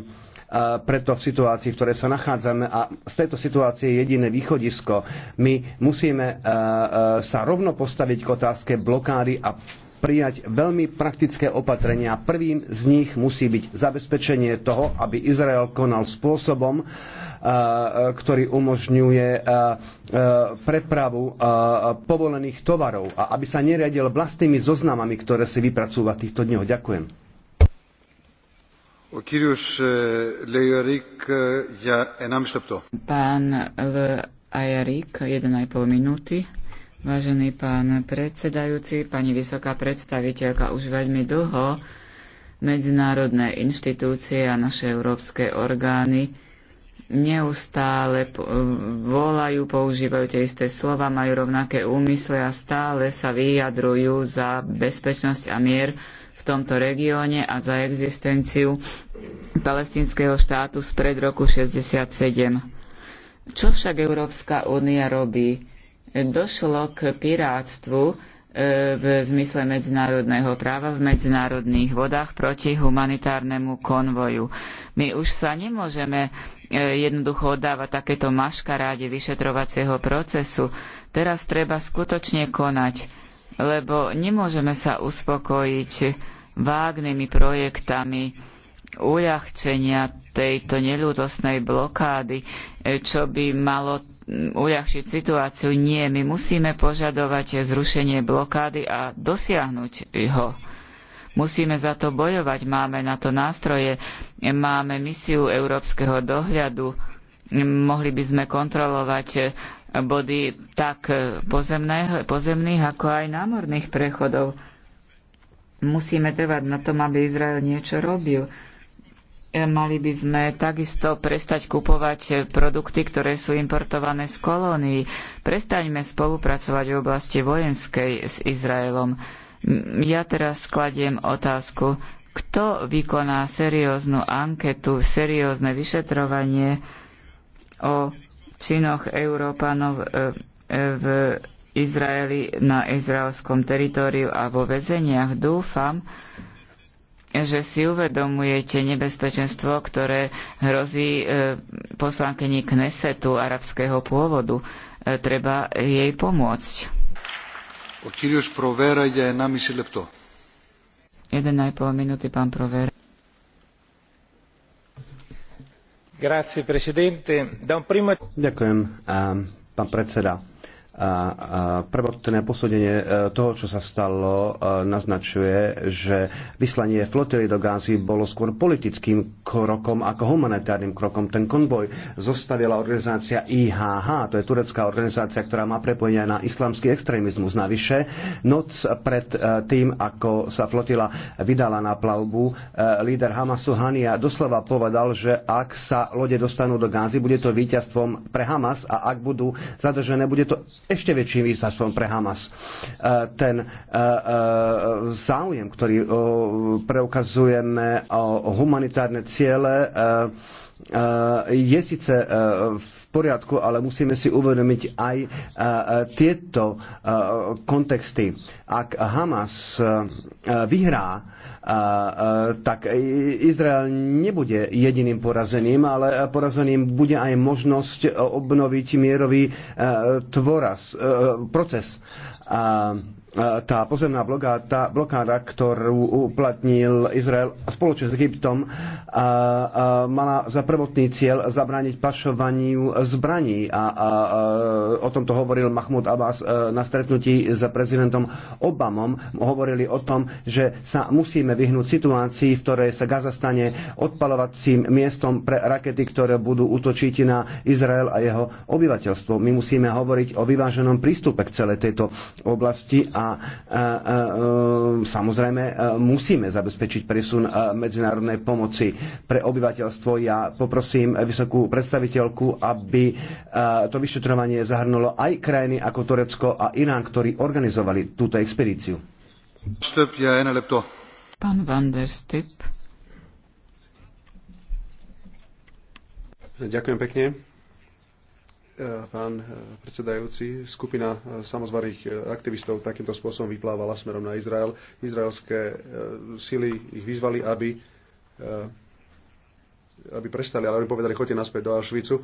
uh, preto v situácii, v ktorej sa nachádzame a z tejto situácie je jediné východisko. My musíme e, e, sa rovno postaviť k otázke blokády a prijať veľmi praktické opatrenia. Prvým z nich musí byť zabezpečenie toho, aby Izrael konal spôsobom, e, ktorý umožňuje prepravu povolených tovarov a aby sa neriadil vlastnými zoznamami, ktoré si vypracúva v týchto dňoch. Ďakujem. Pán L. 1,5 minúty. Vážený pán predsedajúci, pani vysoká predstaviteľka, už veľmi dlho medzinárodné inštitúcie a naše európske orgány neustále e, volajú, používajú tie isté slova, majú rovnaké úmysly a stále sa vyjadrujú za bezpečnosť a mier v tomto regióne a za existenciu palestínskeho štátu spred roku 67. Čo však Európska únia robí? Došlo k piráctvu e, v zmysle medzinárodného práva v medzinárodných vodách proti humanitárnemu konvoju. My už sa nemôžeme e, jednoducho oddávať takéto maškaráde vyšetrovacieho procesu. Teraz treba skutočne konať lebo nemôžeme sa uspokojiť vágnymi projektami uľahčenia tejto neľúdosnej blokády, e, čo by malo uľahčiť situáciu. Nie, my musíme požadovať zrušenie blokády a dosiahnuť ho. Musíme za to bojovať, máme na to nástroje, máme misiu európskeho dohľadu, mohli by sme kontrolovať e, body tak e, pozemných, pozemných ako aj námorných prechodov. Musíme trvať na tom, aby Izrael niečo robil. E, mali by sme takisto prestať kupovať e, produkty, ktoré sú importované z kolónií. Prestaňme spolupracovať v oblasti vojenskej s Izraelom. Ja teraz skladiem otázku, kto vykoná serióznu anketu, seriózne vyšetrovanie o činoch Európanov e, e, v Izraeli na izraelskom teritóriu a vo väzeniach. Dúfam, že si uvedomujete nebezpečenstvo, ktoré hrozí e, poslankyni Knesetu arabského pôvodu. Treba jej pomôcť. O Provera je na 1,5 minúty, pán Provera. Grazie, presidente. Da un primo... Ďakujem, pán predseda. A, prvotné posúdenie e, toho, čo sa stalo, e, naznačuje, že vyslanie flotily do Gázy bolo skôr politickým krokom ako humanitárnym krokom. Ten konvoj zostavila organizácia IHH, to je turecká organizácia, ktorá má prepojenia na islamský extrémizmus. Navyše, noc pred e, tým, ako sa flotila vydala na plavbu, líder Hamasu Hania doslova povedal, že ak sa lode dostanú do Gázy, bude to víťazstvom pre Hamas a ak budú zadržené, bude to ešte väčším výsadstvom pre Hamas. E, ten e, e, záujem, ktorý preukazujeme o humanitárne ciele, je síce v poriadku, ale musíme si uvedomiť aj tieto kontexty. Ak Hamas vyhrá a, tak Izrael nebude jediným porazeným, ale porazeným bude aj možnosť obnoviť mierový e, tvoraz, e, proces. A, tá pozemná blokáda, blokáda ktorú uplatnil Izrael spoločne s Egyptom, a, a mala za prvotný cieľ zabrániť pašovaniu zbraní. A, a, a o tomto hovoril Mahmud Abbas e, na stretnutí s prezidentom Obamom. Hovorili o tom, že sa musíme vyhnúť situácii, v ktorej sa Gaza stane odpalovacím miestom pre rakety, ktoré budú útočiť na Izrael a jeho obyvateľstvo. My musíme hovoriť o vyváženom prístupe k celej tejto oblasti a a um, samozrejme musíme zabezpečiť presun medzinárodnej pomoci pre obyvateľstvo. Ja poprosím vysokú predstaviteľku, aby to vyšetrovanie zahrnulo aj krajiny ako Turecko a Irán, ktorí organizovali túto expedíciu. Pán Van der Stip. Ďakujem pekne. Eh, pán eh, predsedajúci, skupina eh, samozvaných aktivistov takýmto spôsobom vyplávala smerom na Izrael. Izraelské sily ich vyzvali, aby, aby prestali, ale oni povedali, choďte naspäť do Auschwitzu.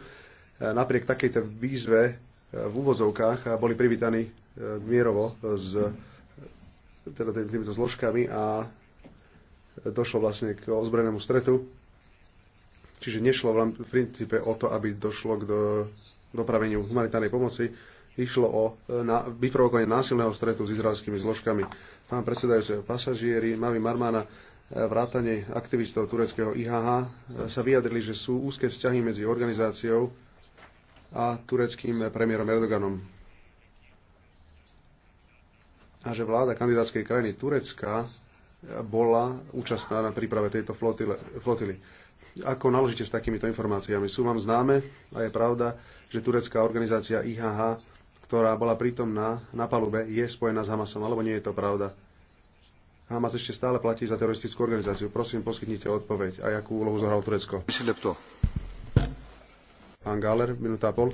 Napriek takejto výzve v úvodzovkách boli privítaní mierovo s teda týmito zložkami a došlo vlastne k ozbrojenému stretu Čiže nešlo v princípe o to, aby došlo k do dopraveniu humanitárnej pomoci, išlo o e, na, vyprovokovanie násilného stretu s izraelskými zložkami. Tam predsedajúce pasažieri, Mavi Marmana, e, vrátane aktivistov tureckého IHH e, sa vyjadrili, že sú úzke vzťahy medzi organizáciou a tureckým premiérom Erdoganom. A že vláda kandidátskej krajiny Turecka bola účastná na príprave tejto flotily. Ako naložíte s takýmito informáciami? Sú vám známe a je pravda, že turecká organizácia IHH, ktorá bola prítomná na palube, je spojená s Hamasom, alebo nie je to pravda? Hamas ešte stále platí za teroristickú organizáciu. Prosím, poskytnite odpoveď. A akú úlohu zohralo Turecko? Pán Galer, minúta a pol.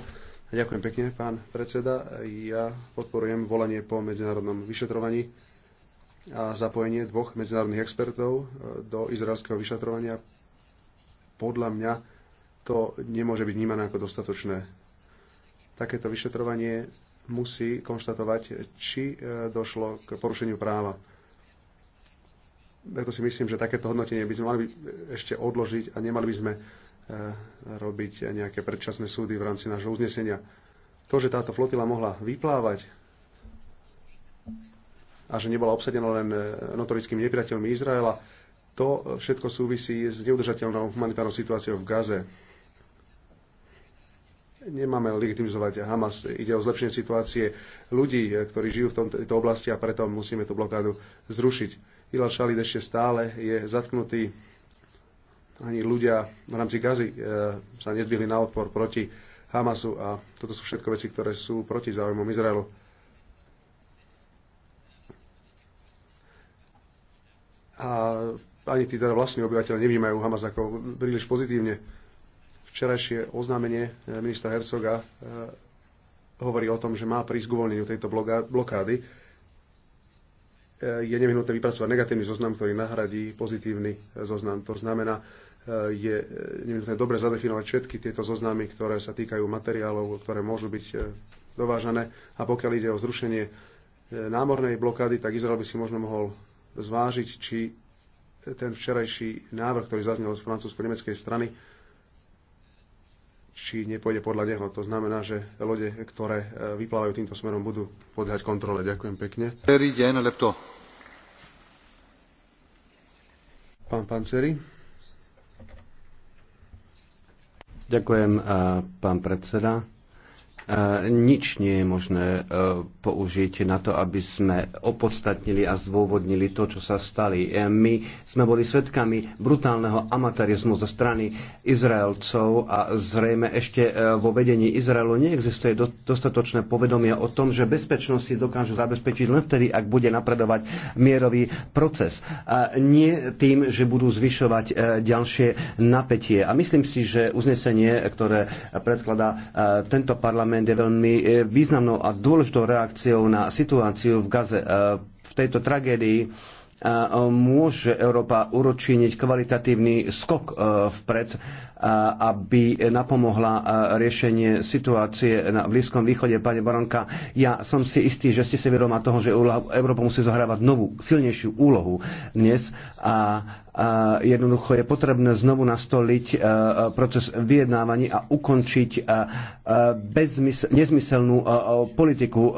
Ďakujem pekne, pán predseda. Ja podporujem volanie po medzinárodnom vyšetrovaní a zapojenie dvoch medzinárodných expertov do izraelského vyšetrovania podľa mňa to nemôže byť vnímané ako dostatočné. Takéto vyšetrovanie musí konštatovať, či e, došlo k porušeniu práva. Preto si myslím, že takéto hodnotenie by sme mali ešte odložiť a nemali by sme e, robiť nejaké predčasné súdy v rámci nášho uznesenia. To, že táto flotila mohla vyplávať a že nebola obsadená len e, notorickými nepriateľmi Izraela, to všetko súvisí s neudržateľnou humanitárnou situáciou v Gaze. Nemáme legitimizovať Hamas. Ide o zlepšenie situácie ľudí, ktorí žijú v tejto oblasti a preto musíme tú blokádu zrušiť. Ilal Šalid ešte stále je zatknutý. Ani ľudia v rámci Gazy eh, sa nezbyli na odpor proti Hamasu a toto sú všetko veci, ktoré sú proti záujmom Izraelu. A ani tí teda vlastní obyvateľe nevnímajú Hamas ako príliš pozitívne. Včerajšie oznámenie eh, ministra Hercoga eh, hovorí o tom, že má prísť k uvoľneniu tejto blokády. Eh, je nevyhnutné vypracovať negatívny zoznam, ktorý nahradí pozitívny zoznam. To znamená, je nevyhnutné dobre zadefinovať všetky tieto zoznamy, ktoré sa týkajú materiálov, ktoré môžu byť dovážané. A pokiaľ ide o zrušenie námornej blokády, tak Izrael by si možno mohol zvážiť, či ten včerajší návrh, ktorý zaznel z francúzsko-nemeckej strany, či nepôjde podľa neho. To znamená, že lode, ktoré e, vyplávajú týmto smerom, budú podľať kontrole. Ďakujem pekne. Pán Panceri. Ďakujem, pán predseda nič nie je možné e, použiť na to, aby sme opodstatnili a zdôvodnili to, čo sa stali. E, my sme boli svetkami brutálneho amatarizmu zo strany Izraelcov a zrejme ešte e, vo vedení Izraelu neexistuje dostatočné povedomie o tom, že bezpečnosť si dokážu zabezpečiť len vtedy, ak bude napredovať mierový proces. A nie tým, že budú zvyšovať ďalšie napätie. A myslím si, že uznesenie, ktoré predkladá tento parlament, parlament je veľmi e, významnou a dôležitou reakciou na situáciu v Gaze. E, v tejto tragédii e, môže Európa uročiniť kvalitatívny skok vpred, aby napomohla riešenie situácie na Blízkom východe. Pane Baronka, ja som si istý, že ste si vedomá toho, že Európa musí zohrávať novú, silnejšiu úlohu dnes a jednoducho je potrebné znovu nastoliť e, e, proces vyjednávaní a ukončiť e, nezmyselnú politiku,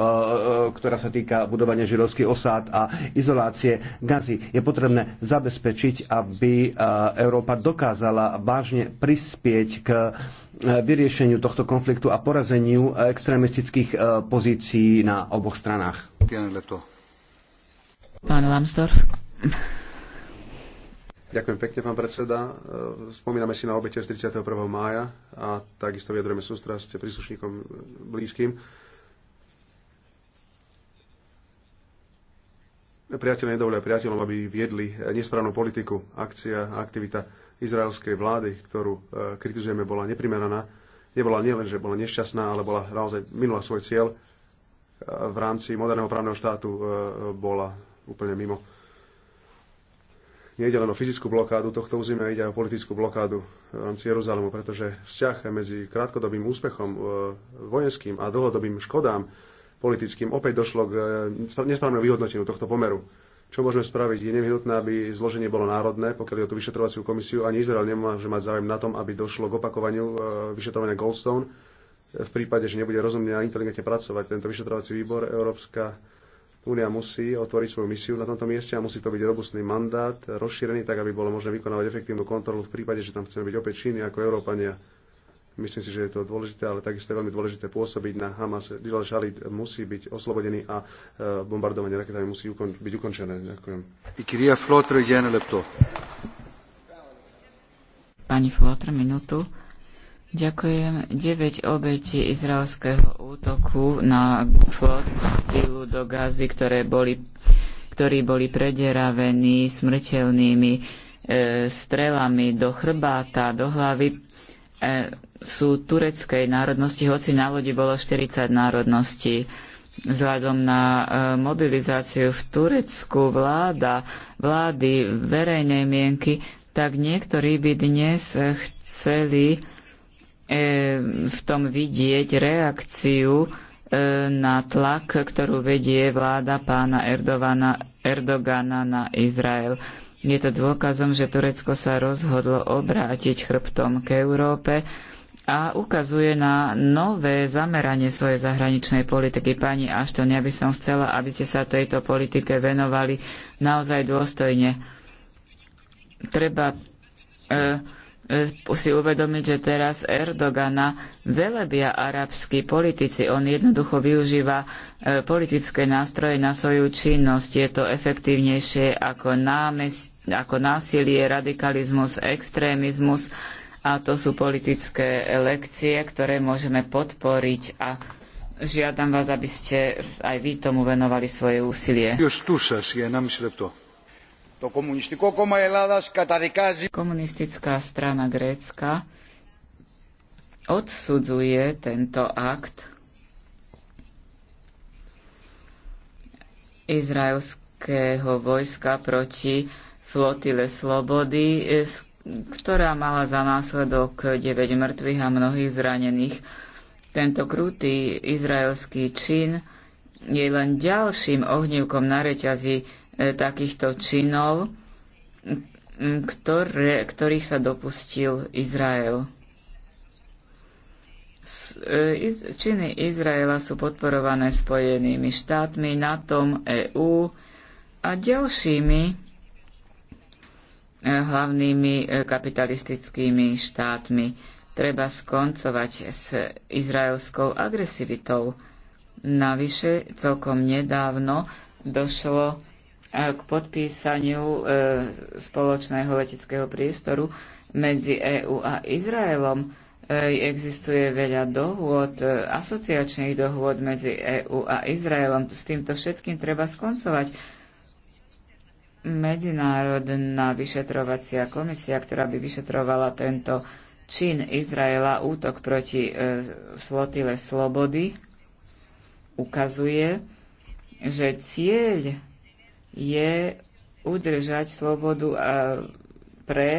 ktorá sa týka budovania židovských osád a izolácie gazy. Je potrebné zabezpečiť, aby Európa dokázala vážne prispieť k vyriešeniu tohto konfliktu a porazeniu extrémistických pozícií na oboch stranách. Pán Lambsdorff. Ďakujem pekne, pán predseda. E, spomíname si na obete z 31. mája a takisto vyjadrujeme sústrasť príslušníkom blízkym. Priateľe nedovolia priateľom, aby viedli nesprávnu politiku. Akcia a aktivita izraelskej vlády, ktorú e, kritizujeme, bola neprimeraná. Nebola nielen, že bola nešťastná, ale bola naozaj minula svoj cieľ. E, v rámci moderného právneho štátu bola úplne mimo nejde len o fyzickú blokádu tohto územia, ide aj o politickú blokádu v rámci Jeruzalému, pretože vzťah medzi krátkodobým úspechom e, vojenským a dlhodobým škodám politickým opäť došlo k e, nesprávnemu vyhodnoteniu tohto pomeru. Čo môžeme spraviť? Je nevyhnutné, aby zloženie bolo národné, pokiaľ je o tú vyšetrovaciu komisiu. Ani Izrael nemôže mať záujem na tom, aby došlo k opakovaniu e, vyšetrovania Goldstone. V prípade, že nebude rozumne a inteligentne pracovať tento vyšetrovací výbor, Európska Únia musí otvoriť svoju misiu na tomto mieste a musí to byť robustný mandát, rozšírený tak, aby bolo možné vykonávať efektívnu kontrolu v prípade, že tam chceme byť opäť Číny ako Európania. Myslím si, že je to dôležité, ale takisto je veľmi dôležité pôsobiť na Hamas. Dilal šalit musí byť oslobodený a e, bombardovanie raketami musí ukon- byť ukončené. Ďakujem. Pani Flotr, minútu. Ďakujem. 9 obetí izraelského útoku na flotilu do Gazy, ktoré boli, ktorí boli prederavení smrteľnými e, strelami do chrbáta, do hlavy, e, sú tureckej národnosti, hoci na lodi bolo 40 národností. Vzhľadom na e, mobilizáciu v Turecku vláda, vlády verejnej mienky, tak niektorí by dnes chceli E, v tom vidieť reakciu e, na tlak, ktorú vedie vláda pána Erdovana, Erdogana na Izrael. Je to dôkazom, že Turecko sa rozhodlo obrátiť chrbtom k Európe a ukazuje na nové zameranie svojej zahraničnej politiky. Pani Ašton, ja by som chcela, aby ste sa tejto politike venovali naozaj dôstojne. Treba e, si uvedomiť, že teraz Erdogana velebia arabskí politici. On jednoducho využíva e, politické nástroje na svoju činnosť. Je to efektívnejšie ako, námes, ako násilie, radikalizmus, extrémizmus. A to sú politické lekcie, ktoré môžeme podporiť a žiadam vás, aby ste aj vy tomu venovali svoje úsilie. Komunistická strana Grécka odsudzuje tento akt izraelského vojska proti flotile Slobody, ktorá mala za následok 9 mŕtvych a mnohých zranených. Tento krutý izraelský čin je len ďalším ohnívkom na reťazi E, takýchto činov, ktoré, ktorých sa dopustil Izrael. E, činy Izraela sú podporované Spojenými štátmi, NATO, EÚ a ďalšími e, hlavnými kapitalistickými štátmi. Treba skoncovať s izraelskou agresivitou. Navyše celkom nedávno došlo k podpísaniu e, spoločného leteckého priestoru medzi EÚ a Izraelom. E, existuje veľa dohôd, e, asociačných dohôd medzi EÚ a Izraelom. S týmto všetkým treba skoncovať. Medzinárodná vyšetrovacia komisia, ktorá by vyšetrovala tento čin Izraela, útok proti flotile Slobody, ukazuje, že cieľ je udržať slobodu e, pre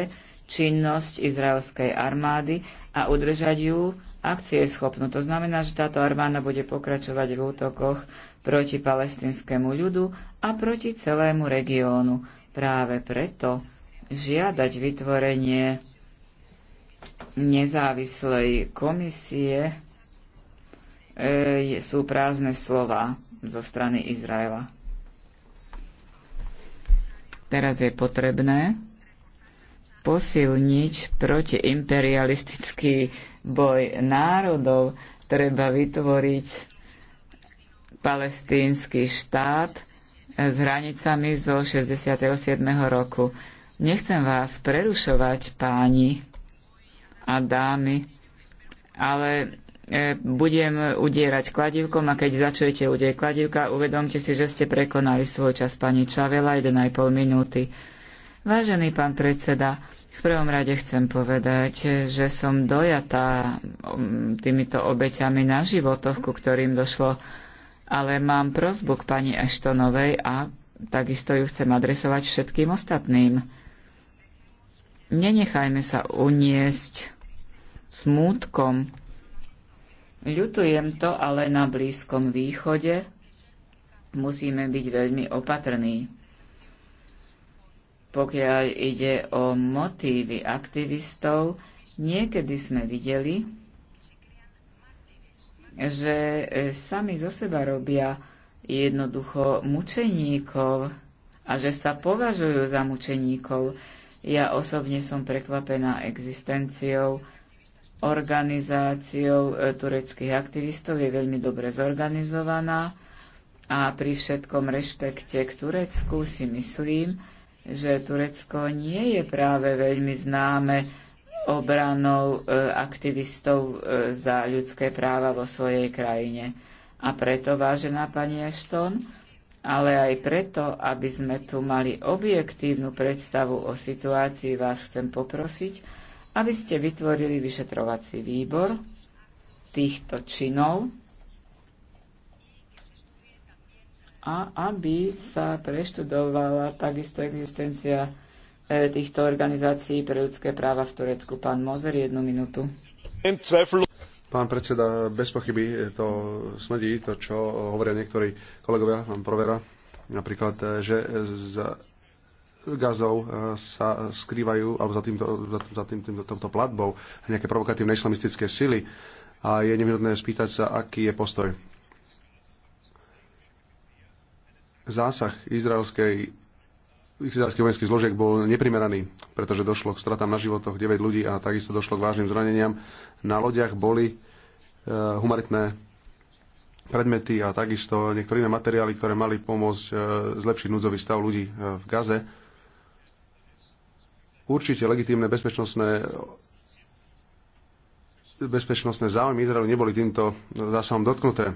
činnosť izraelskej armády a udržať ju akcieschopnú. To znamená, že táto armáda bude pokračovať v útokoch proti palestinskému ľudu a proti celému regiónu. Práve preto žiadať vytvorenie nezávislej komisie e, sú prázdne slova zo strany Izraela. Teraz je potrebné posilniť protiimperialistický boj národov. Treba vytvoriť palestínsky štát s hranicami zo 67. roku. Nechcem vás prerušovať, páni a dámy, ale E, budem udierať kladivkom a keď začujete udieť kladivka, uvedomte si, že ste prekonali svoj čas pani Čavela 1,5 minúty. Vážený pán predseda, v prvom rade chcem povedať, že som dojatá mm, týmito obeťami na životoch, ku ktorým došlo, ale mám prozbu k pani Eštonovej a takisto ju chcem adresovať všetkým ostatným. Nenechajme sa uniesť smútkom Ľutujem to, ale na Blízkom východe musíme byť veľmi opatrní. Pokiaľ ide o motívy aktivistov, niekedy sme videli, že sami zo seba robia jednoducho mučeníkov a že sa považujú za mučeníkov. Ja osobne som prekvapená existenciou organizáciou e, tureckých aktivistov, je veľmi dobre zorganizovaná a pri všetkom rešpekte k Turecku si myslím, že Turecko nie je práve veľmi známe obranou e, aktivistov e, za ľudské práva vo svojej krajine. A preto, vážená pani Ešton, ale aj preto, aby sme tu mali objektívnu predstavu o situácii, vás chcem poprosiť, aby ste vytvorili vyšetrovací výbor týchto činov a aby sa preštudovala takisto existencia e, týchto organizácií pre ľudské práva v Turecku. Pán Mozer, jednu minútu. Pán predseda, bez pochyby to smrdí, to, čo hovoria niektorí kolegovia, pán Provera, napríklad, e, že gazov e, sa skrývajú, alebo za, týmto, za, za tým, tým, tomto platbou nejaké provokatívne islamistické sily a je nevyhodné spýtať sa, aký je postoj. Zásah izraelskej izraelských vojenských zložiek bol neprimeraný, pretože došlo k stratám na životoch 9 ľudí a takisto došlo k vážnym zraneniam. Na loďach boli e, humanitné predmety a takisto niektoré iné materiály, ktoré mali pomôcť e, zlepšiť núdzový stav ľudí e, v Gaze určite legitímne bezpečnostné bezpečnostné záujmy Izraelu neboli týmto zásahom dotknuté.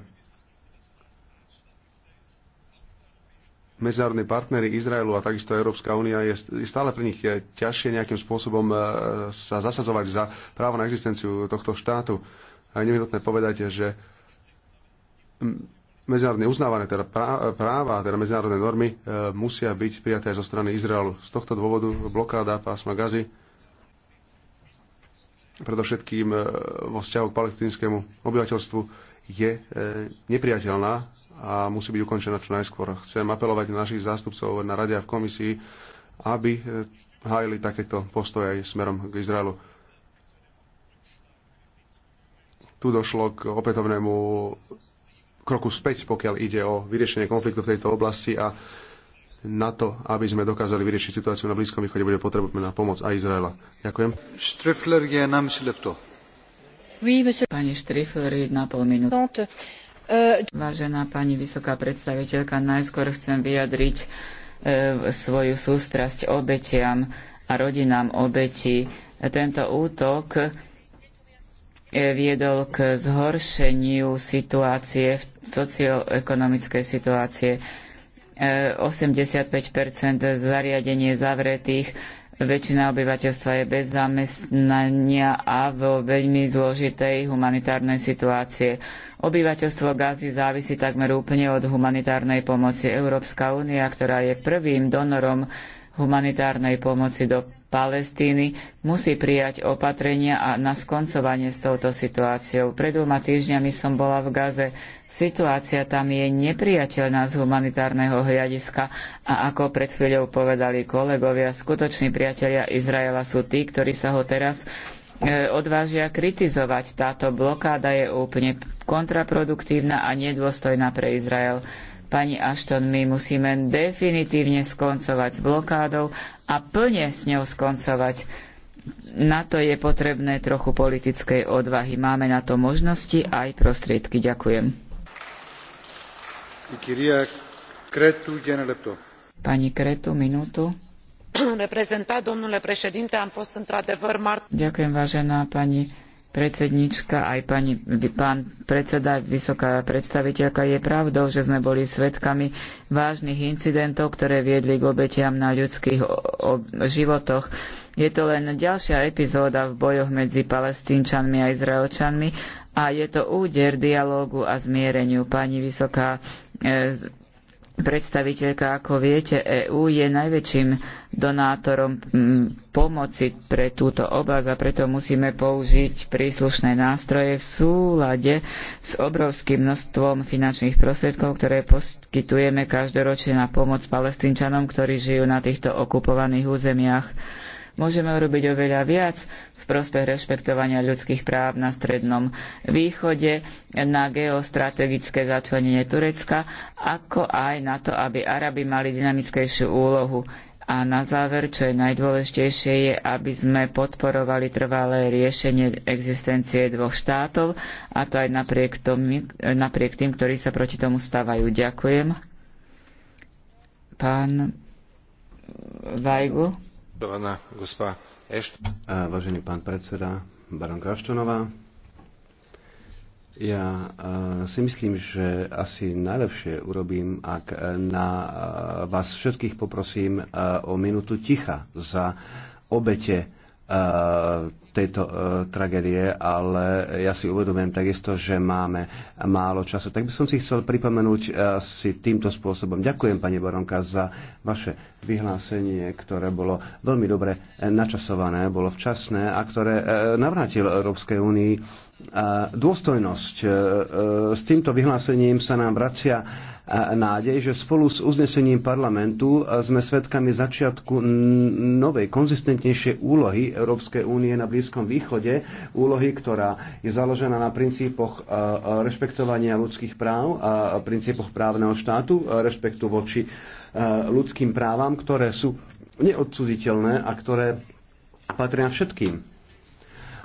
Medzinárodní partnery Izraelu a takisto Európska únia je stále pre nich ťažšie nejakým spôsobom e, sa zasazovať za právo na existenciu tohto štátu. A je nevinutné povedať, že medzinárodne uznávané teda práva, teda medzinárodné normy e, musia byť prijaté aj zo strany Izraelu. Z tohto dôvodu blokáda pásma Gazy predovšetkým e, vo vzťahu k palestinskému obyvateľstvu je e, nepriateľná a musí byť ukončená čo najskôr. Chcem apelovať na našich zástupcov na rade a v komisii, aby hájili takéto postoje aj smerom k Izraelu. Tu došlo k opätovnému kroku späť, pokiaľ ide o vyriešenie konfliktu v tejto oblasti a na to, aby sme dokázali vyriešiť situáciu na Blízkom východe, bude potrebná pomoc aj Izraela. Ďakujem. Štrifler je na to. Pani Štrifler, jedna pol minút. Eh, Vážená pani vysoká predstaviteľka, najskôr chcem vyjadriť e, svoju sústrasť obetiam a rodinám obeti Tento útok E, viedol k zhoršeniu situácie, socioekonomickej situácie. 85 e, zariadenie zavretých, väčšina obyvateľstva je bez zamestnania a vo veľmi zložitej humanitárnej situácie. Obyvateľstvo Gazy závisí takmer úplne od humanitárnej pomoci. Európska únia, ktorá je prvým donorom humanitárnej pomoci do Palestíny musí prijať opatrenia a na skoncovanie s touto situáciou. Pred dvoma týždňami som bola v Gaze. Situácia tam je nepriateľná z humanitárneho hľadiska a ako pred chvíľou povedali kolegovia, skutoční priatelia Izraela sú tí, ktorí sa ho teraz e, odvážia kritizovať. Táto blokáda je úplne kontraproduktívna a nedôstojná pre Izrael. Pani Ashton, my musíme definitívne skoncovať s blokádou a plne s ňou skoncovať. Na to je potrebné trochu politickej odvahy. Máme na to možnosti aj prostriedky. Ďakujem. Pani Kretu, minútu. Ďakujem, vážená pani predsednička, aj pani, pán predseda, vysoká predstaviteľka, je pravdou, že sme boli svedkami vážnych incidentov, ktoré viedli k obetiam na ľudských životoch. Je to len ďalšia epizóda v bojoch medzi palestínčanmi a izraelčanmi a je to úder dialógu a zmiereniu. Pani vysoká e, predstaviteľka, ako viete, EÚ je najväčším donátorom mm, pomoci pre túto oblasť a preto musíme použiť príslušné nástroje v súlade s obrovským množstvom finančných prostriedkov, ktoré poskytujeme každoročne na pomoc palestínčanom, ktorí žijú na týchto okupovaných územiach. Môžeme urobiť oveľa viac v prospech rešpektovania ľudských práv na Strednom východe, na geostrategické začlenenie Turecka, ako aj na to, aby Arabi mali dynamickejšiu úlohu. A na záver, čo je najdôležitejšie, je, aby sme podporovali trvalé riešenie existencie dvoch štátov, a to aj napriek, tomu, napriek tým, ktorí sa proti tomu stavajú. Ďakujem. Pán Vajgu. Vážený pán predseda, baronka Aštonová, ja si myslím, že asi najlepšie urobím, ak na vás všetkých poprosím o minútu ticha za obete Eh, tejto eh, tragédie, ale ja si uvedomujem takisto, že máme málo času. Tak by som si chcel pripomenúť eh, si týmto spôsobom. Ďakujem, pani Baronka, za vaše vyhlásenie, ktoré bolo veľmi dobre načasované, bolo včasné a ktoré navrátil Európskej únii dôstojnosť. S týmto vyhlásením sa nám vracia nádej, že spolu s uznesením parlamentu e, sme svedkami začiatku novej, konzistentnejšej úlohy Európskej únie na Blízkom východe, úlohy, ktorá je založená na princípoch e, e, rešpektovania ľudských práv a princípoch právneho štátu, rešpektu voči ľudským právam, ktoré sú neodsuditeľné a ktoré patria všetkým.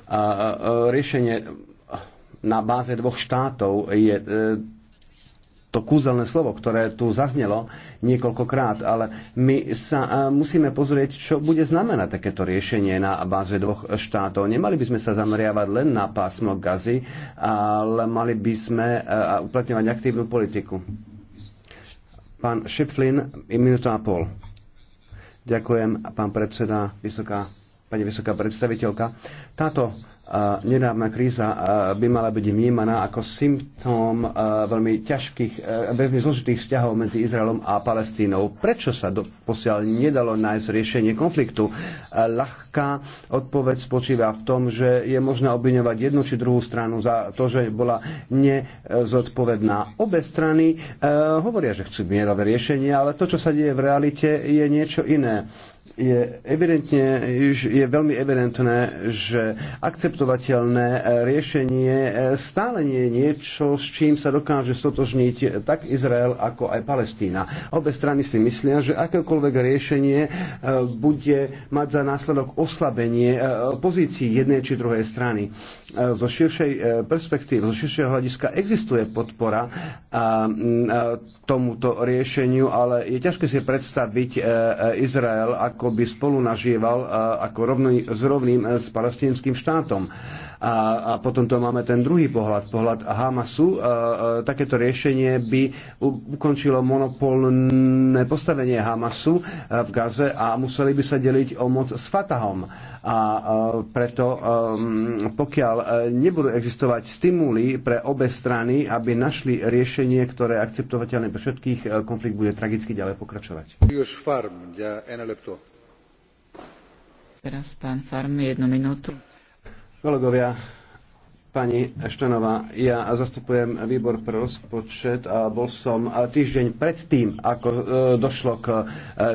A riešenie na báze dvoch štátov je to kúzelné slovo, ktoré tu zaznelo niekoľkokrát, ale my sa e, musíme pozrieť, čo bude znamenať takéto riešenie na báze dvoch štátov. Nemali by sme sa zameriavať len na pásmo gazy, ale mali by sme e, uplatňovať aktívnu politiku. Pán Šiflin, minúta a pol. Ďakujem, pán predseda, vysoká, pani vysoká predstaviteľka. Táto nedávna kríza by mala byť vnímaná ako symptóm veľmi ťažkých, e, veľmi zložitých vzťahov medzi Izraelom a Palestínou. Prečo sa posiaľ nedalo nájsť riešenie konfliktu? E, ľahká odpoveď spočíva v tom, že je možné obviňovať jednu či druhú stranu za to, že bola nezodpovedná. Obe strany e, hovoria, že chcú mierové riešenie, ale to, čo sa deje v realite, je niečo iné je, evidentne, je veľmi evidentné, že akceptovateľné eh, riešenie eh, stále nie je niečo, s čím sa dokáže stotožniť eh, tak Izrael, ako aj Palestína. Obe strany si myslia, že akékoľvek riešenie bude mať za následok oslabenie pozícií jednej či druhej strany. Zo širšej perspektívy, zo širšieho hľadiska existuje podpora tomuto riešeniu, ale je ťažké si predstaviť Izrael ako ako by spolu nažieval ako rovný, s rovným e, s palestinským štátom. A, a potom to máme ten druhý pohľad, pohľad Hamasu. A, a, takéto riešenie by ukončilo monopolné postavenie Hamasu a, e, v Gaze a museli by sa deliť o moc s Fatahom. A a preto, a, pokiaľ a e, nebudú existovať stimuly pre obe strany, aby našli riešenie, ktoré je akceptovateľné pre všetkých, konflikt bude tragicky ďalej pokračovať. Farm, ja, Teraz pán Farm, jednu minútu. Kolegovia, Pani Štenová, ja zastupujem výbor pre rozpočet a bol som týždeň pred tým, ako e, došlo k e,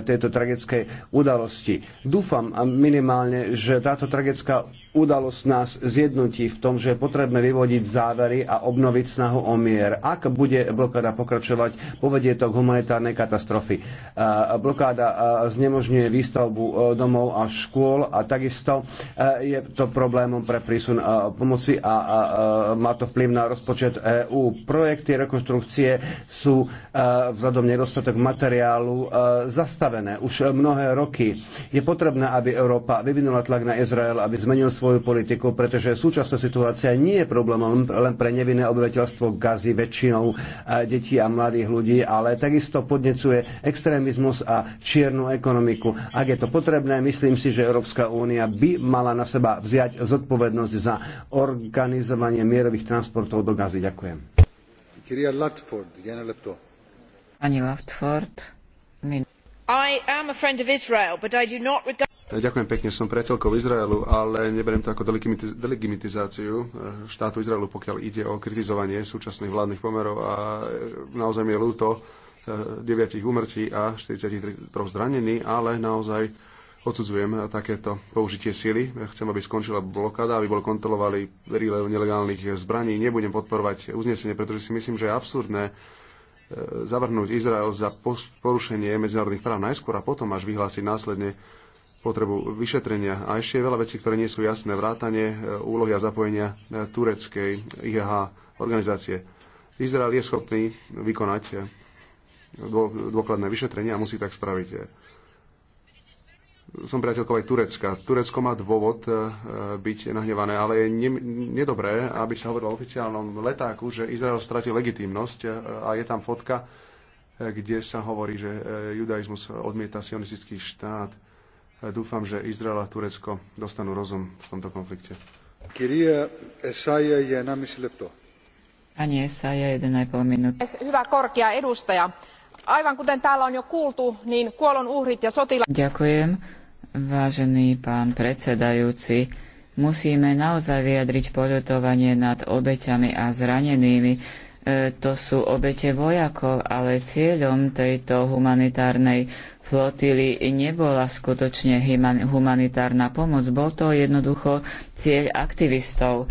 tejto tragickej udalosti. Dúfam minimálne, že táto tragická udalosť nás zjednotí v tom, že je potrebné vyvodiť závery a obnoviť snahu o mier. Ak bude blokáda pokračovať, povedie to k humanitárnej katastrofy. E, blokáda e, znemožňuje výstavbu e, domov a škôl a takisto je to problémom pre prísun pomoci a má to vplyv na rozpočet EÚ. Projekty rekonštrukcie sú vzhľadom nedostatok materiálu zastavené už mnohé roky. Je potrebné, aby Európa vyvinula tlak na Izrael, aby zmenil svoj svoju politiku, pretože súčasná situácia nie je problémom len pre nevinné obyvateľstvo Gazy väčšinou e, detí a mladých ľudí, ale takisto podnecuje extrémizmus a čiernu ekonomiku. Ak je to potrebné, myslím si, že Európska únia by mala na seba vziať zodpovednosť za organizovanie mierových transportov do Gazy. Ďakujem. Pani Latford, min- i am a friend of israel but i do not regard. Ďakujem pekne, som priateľkou Izraelu, ale neberiem to ako delegitimizáciu eh, štátu Izraelu, pokiaľ ide o kritizovanie súčasných vládnych pomerov a eh, naozaj mi je ľúto 9 eh, umrtí a 43 zranení, ale naozaj odsudzujem takéto použitie sily. Chcem, aby skončila blokáda, aby bol kontrolovali prílev nelegálnych zbraní. Nebudem podporovať uznesenie, pretože si myslím, že je absurdné zavrhnúť Izrael za porušenie medzinárodných práv najskôr a potom až vyhlásiť následne potrebu vyšetrenia. A ešte je veľa vecí, ktoré nie sú jasné. Vrátanie e, úlohy a zapojenia e, tureckej IHH organizácie. Izrael je schopný vykonať e, dôkladné vyšetrenie a musí tak spraviť. Som priateľkou aj Turecka. Turecko má dôvod byť nahnevané, ale je nedobré, aby sa hovorilo o oficiálnom letáku, že Izrael stratil legitímnosť a je tam fotka, kde sa hovorí, že judaizmus odmieta sionistický štát Dúfam, že Izrael a Turecko dostanú rozum v tomto konflikte. Kyrie Esaia je na myslepto. Pani Esaia, 1,5 minúty. Hyvä korkea edustaja. Aivan kuten täällä on jo kuultu, niin kuolon uhrit ja sotilaat... Ďakujem, vážený pán predsedajúci. Musíme naozaj vyjadriť poľutovanie nad obeťami a zranenými, E, to sú obete vojakov, ale cieľom tejto humanitárnej flotily nebola skutočne humanitárna pomoc, bol to jednoducho cieľ aktivistov.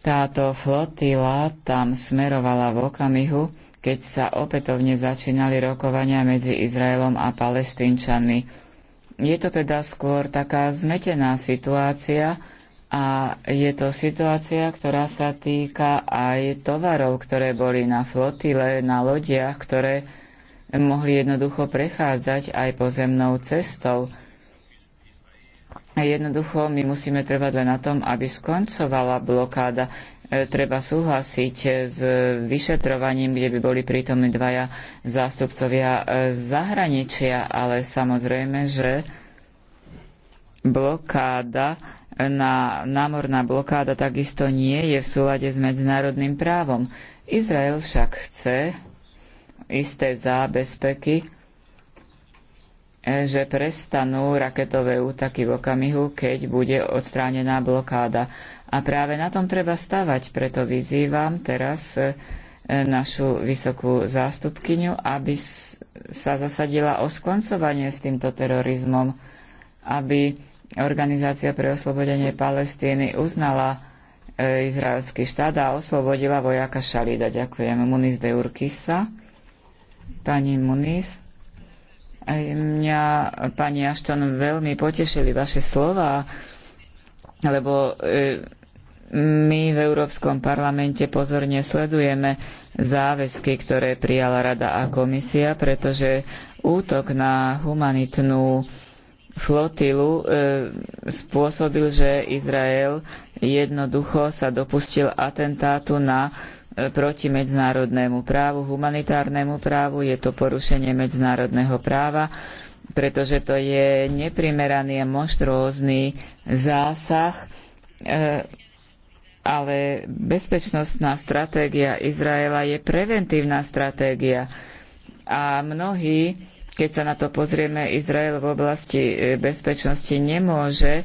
Táto flotila tam smerovala v okamihu, keď sa opätovne začínali rokovania medzi Izraelom a Palestínčanmi. Je to teda skôr taká zmetená situácia, a je to situácia, ktorá sa týka aj tovarov, ktoré boli na flotile, na lodiach, ktoré mohli jednoducho prechádzať aj pozemnou cestou. Jednoducho my musíme trvať len na tom, aby skoncovala blokáda. E, treba súhlasiť s vyšetrovaním, kde by boli prítomní dvaja zástupcovia e, zahraničia, ale samozrejme, že blokáda na námorná blokáda takisto nie je v súlade s medzinárodným právom. Izrael však chce isté zábezpeky, že prestanú raketové útaky v okamihu, keď bude odstránená blokáda. A práve na tom treba stavať, preto vyzývam teraz e, našu vysokú zástupkyňu, aby sa zasadila o skoncovanie s týmto terorizmom, aby Organizácia pre oslobodenie Palestíny uznala e, izraelský štát a oslobodila vojaka Šalida. Ďakujem. Muniz de Urkisa. Pani Muniz. E, mňa, pani Ašton, veľmi potešili vaše slova, lebo e, my v Európskom parlamente pozorne sledujeme záväzky, ktoré prijala Rada a komisia, pretože útok na humanitnú flotilu e, spôsobil, že Izrael jednoducho sa dopustil atentátu na e, proti medzinárodnému právu, humanitárnemu právu. Je to porušenie medzinárodného práva, pretože to je neprimeraný a monštrózny zásah, e, ale bezpečnostná stratégia Izraela je preventívna stratégia. A mnohí keď sa na to pozrieme, Izrael v oblasti e, bezpečnosti nemôže e,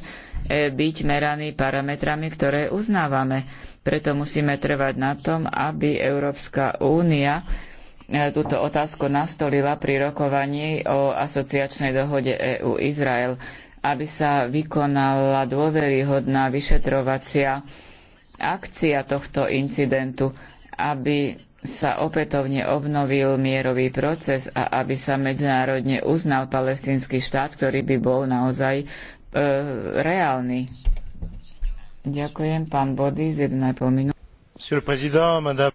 byť meraný parametrami, ktoré uznávame. Preto musíme trvať na tom, aby Európska únia e, túto otázku nastolila pri rokovaní o asociačnej dohode EU-Izrael, aby sa vykonala dôveryhodná vyšetrovacia akcia tohto incidentu, aby sa opätovne obnovil mierový proces a aby sa medzinárodne uznal palestínsky štát, ktorý by bol naozaj e, reálny. Ďakujem, pán Body, z 1,5 minúty.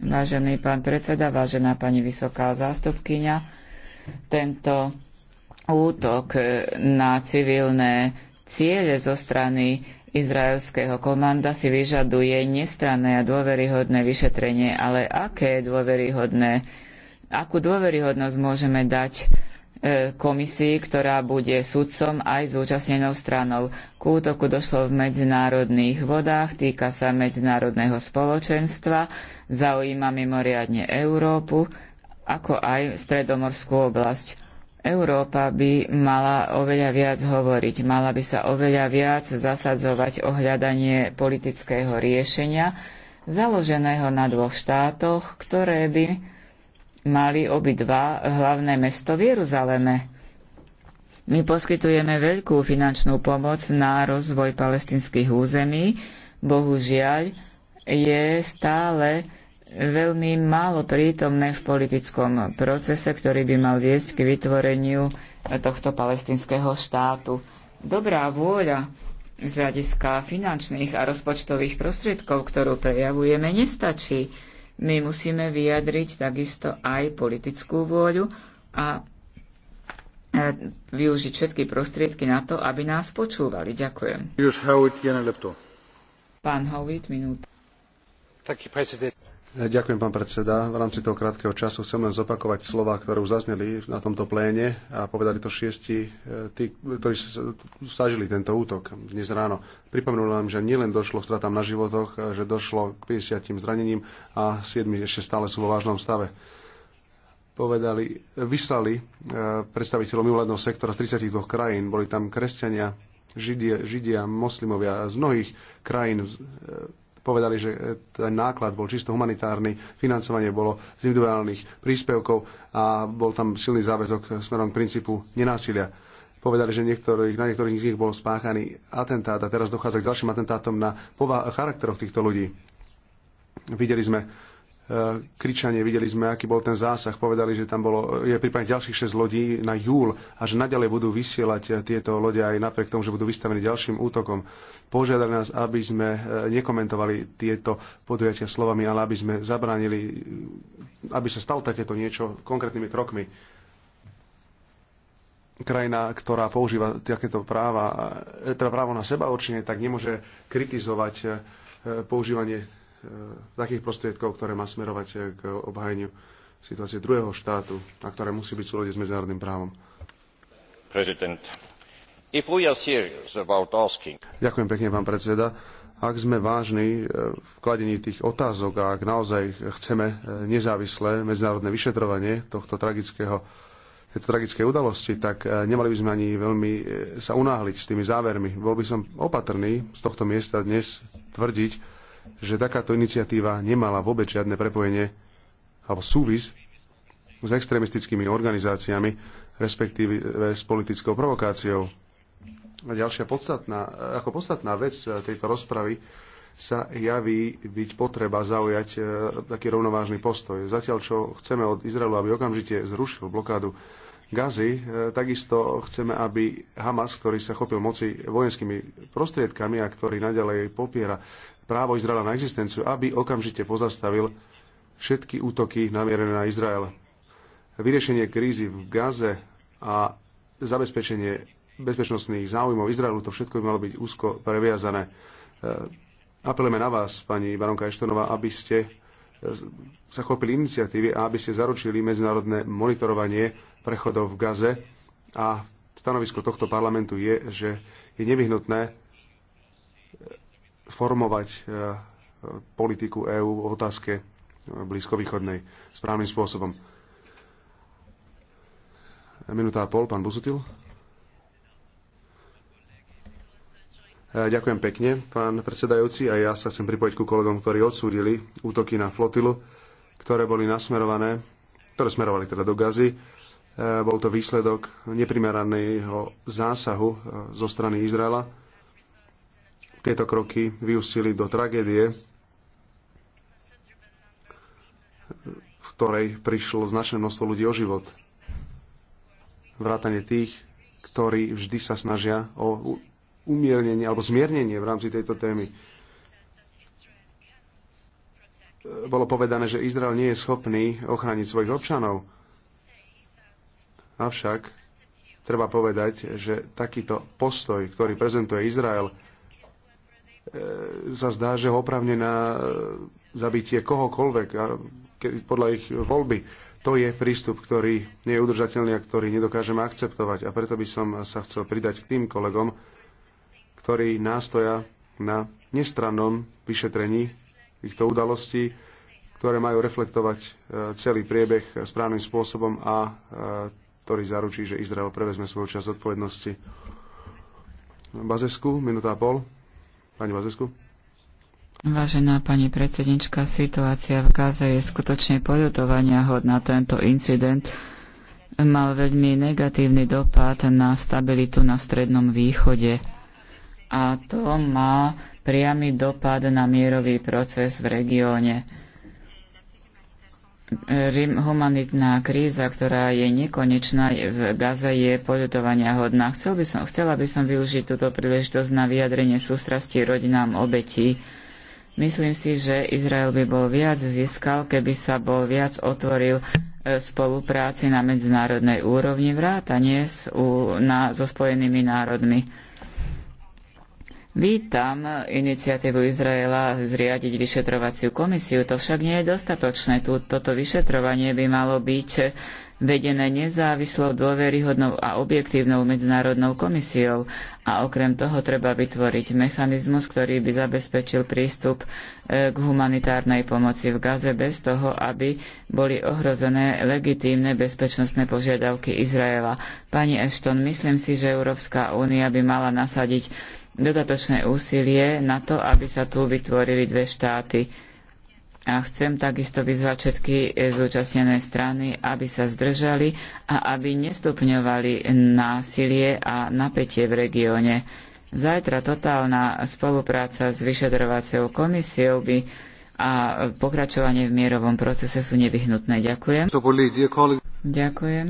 Vážený pán predseda, vážená pani vysoká zástupkyňa, tento útok na civilné ciele zo strany izraelského komanda si vyžaduje nestranné a dôveryhodné vyšetrenie, ale aké dôveryhodné, akú dôveryhodnosť môžeme dať e, komisii, ktorá bude sudcom aj zúčastnenou stranou. K útoku došlo v medzinárodných vodách, týka sa medzinárodného spoločenstva, zaujíma mimoriadne Európu, ako aj stredomorskú oblasť. Európa by mala oveľa viac hovoriť, mala by sa oveľa viac zasadzovať o hľadanie politického riešenia, založeného na dvoch štátoch, ktoré by mali obidva hlavné mesto v Jeruzaleme. My poskytujeme veľkú finančnú pomoc na rozvoj palestinských území. Bohužiaľ, je stále veľmi málo prítomné v politickom procese, ktorý by mal viesť k vytvoreniu tohto palestinského štátu. Dobrá vôľa z hľadiska finančných a rozpočtových prostriedkov, ktorú prejavujeme, nestačí. My musíme vyjadriť takisto aj politickú vôľu a využiť všetky prostriedky na to, aby nás počúvali. Ďakujem. Pán Howitt, minúta. Ďakujem, pán predseda. V rámci toho krátkeho času chcem len zopakovať slova, ktoré už zazneli na tomto pléne a povedali to šiesti, eh, tí, ktorí stažili tento útok dnes ráno. Pripomenul nám, že nielen došlo k stratám na životoch, eh, že došlo k 50 zranením a 7 ešte stále sú vo vážnom stave povedali, vyslali eh, predstaviteľov mimovládneho sektora z 32 krajín. Boli tam kresťania, židia, židia moslimovia z mnohých krajín povedali, že e, ten náklad bol čisto humanitárny, financovanie bolo z individuálnych príspevkov a bol tam silný záväzok e, smerom k princípu nenásilia. Povedali, že niektorých, na niektorých z nich bol spáchaný atentát a teraz dochádza k ďalším atentátom na charakteroch týchto ľudí. Videli sme Eh, kričanie, videli sme, aký bol ten zásah, povedali, že tam bolo, je prípadne ďalších 6 lodí na júl a že naďalej budú vysielať eh, tieto lode aj napriek tomu, že budú vystavení ďalším útokom. Požiadali nás, aby sme eh, nekomentovali tieto podujatia slovami, ale aby sme zabránili, aby sa stalo takéto niečo konkrétnymi krokmi. Krajina, ktorá používa takéto práva, teda právo na seba určenie, tak nemôže kritizovať používanie E, takých prostriedkov, ktoré má smerovať e, k obhajeniu situácie druhého štátu a ktoré musí byť v súlade s medzinárodným právom. Asking... Ďakujem pekne, pán predseda. Ak sme vážni e, v kladení tých otázok a ak naozaj chceme nezávislé medzinárodné vyšetrovanie tohto tragického tejto tragickej udalosti, tak nemali by sme ani veľmi sa unáhliť s tými závermi. Bol by som opatrný z tohto miesta dnes tvrdiť, že takáto iniciatíva nemala vôbec žiadne prepojenie alebo súvis s extrémistickými organizáciami, respektíve s politickou provokáciou. A ďalšia podstatná, ako podstatná vec tejto rozpravy sa javí byť potreba zaujať e, taký rovnovážny postoj. Zatiaľ, čo chceme od Izraelu, aby okamžite zrušil blokádu Gazy. E, takisto chceme, aby Hamas, ktorý sa chopil moci vojenskými prostriedkami a ktorý naďalej popiera právo Izraela na existenciu, aby okamžite pozastavil všetky útoky namierené na Izrael. Vyriešenie krízy v Gaze a zabezpečenie bezpečnostných záujmov Izraelu, to všetko by malo byť úzko previazané. E, apelujeme na vás, pani baronka Eštonová, aby ste e, sa chopili iniciatívy a aby ste zaručili medzinárodné monitorovanie prechodov v Gaze a stanovisko tohto parlamentu je, že je nevyhnutné eh, formovať eh, politiku EÚ v otázke eh, blízkovýchodnej správnym spôsobom. Minúta a pol, pán Buzutil. Ďakujem pekne, pán predsedajúci, a ja sa chcem pripojiť ku kolegom, ktorí odsúdili útoky na flotilu, ktoré boli nasmerované, ktoré smerovali teda do Gazy E, bol to výsledok neprimeraného zásahu e, zo strany Izraela. Tieto kroky vyústili do tragédie, e, v ktorej prišlo značné množstvo ľudí o život. Vrátane tých, ktorí vždy sa snažia o umiernenie alebo zmiernenie v rámci tejto témy. Bolo povedané, že Izrael nie je schopný ochrániť svojich občanov Avšak treba povedať, že takýto postoj, ktorý prezentuje Izrael, e, sa zdá, že ho opravne na e, zabitie kohokoľvek podľa ich voľby. To je prístup, ktorý nie je udržateľný a ktorý nedokážeme akceptovať. A preto by som sa chcel pridať k tým kolegom, ktorí nástoja na nestrannom vyšetrení týchto udalostí, ktoré majú reflektovať e, celý priebeh správnym spôsobom a ktorý zaručí, že Izrael prevezme svoju časť odpovednosti. Bazesku, minúta a pol. Pani Bazesku. Vážená pani predsednička, situácia v Gáze je skutočne poľutovania hodná. Tento incident mal veľmi negatívny dopad na stabilitu na Strednom východe. A to má priamy dopad na mierový proces v regióne humanitná kríza, ktorá je nekonečná v Gaze, je poľutovania hodná. Chcel by som, chcela by som využiť túto príležitosť na vyjadrenie sústrasti rodinám obetí. Myslím si, že Izrael by bol viac získal, keby sa bol viac otvoril e, spolupráci na medzinárodnej úrovni vrátanie s, u, na, so Spojenými národmi. Vítam iniciatívu Izraela zriadiť vyšetrovaciu komisiu, to však nie je dostatočné. Toto vyšetrovanie by malo byť vedené nezávislou, dôveryhodnou a objektívnou medzinárodnou komisiou a okrem toho treba vytvoriť mechanizmus, ktorý by zabezpečil prístup e, k humanitárnej pomoci v Gaze bez toho, aby boli ohrozené legitímne bezpečnostné požiadavky Izraela. Pani Ashton, myslím si, že Európska únia by mala nasadiť dodatočné úsilie na to, aby sa tu vytvorili dve štáty. A chcem takisto vyzvať všetky eh, zúčastnené strany, aby sa zdržali a aby nestupňovali násilie a napätie v regióne. Zajtra totálna spolupráca s vyšetrovacou komisiou by a pokračovanie v mierovom procese sú nevyhnutné. Ďakujem. Ďakujem.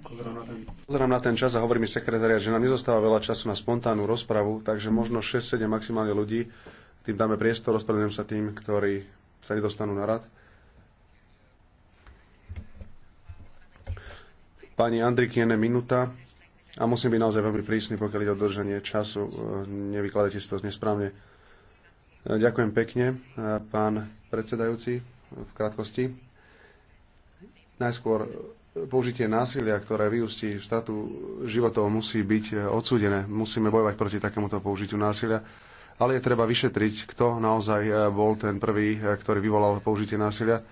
Pozerám na, ten, čas a hovorí mi sekretariat, že nám nezostáva veľa času na spontánnu rozpravu, takže možno 6-7 maximálne ľudí. Tým dáme priestor, ospravedlňujem sa tým, ktorí sa nedostanú na rad. Pani Andrik Jené minúta. A musím byť naozaj veľmi prísny, pokiaľ ide o držanie času. Nevykladajte si to nesprávne. Ďakujem pekne, pán predsedajúci, v krátkosti. Najskôr použitie násilia, ktoré vyústí v statu životov, musí byť e, odsúdené. Musíme bojovať proti takémuto použitiu násilia. Ale je treba vyšetriť, kto naozaj e, bol ten prvý, e, ktorý vyvolal použitie násilia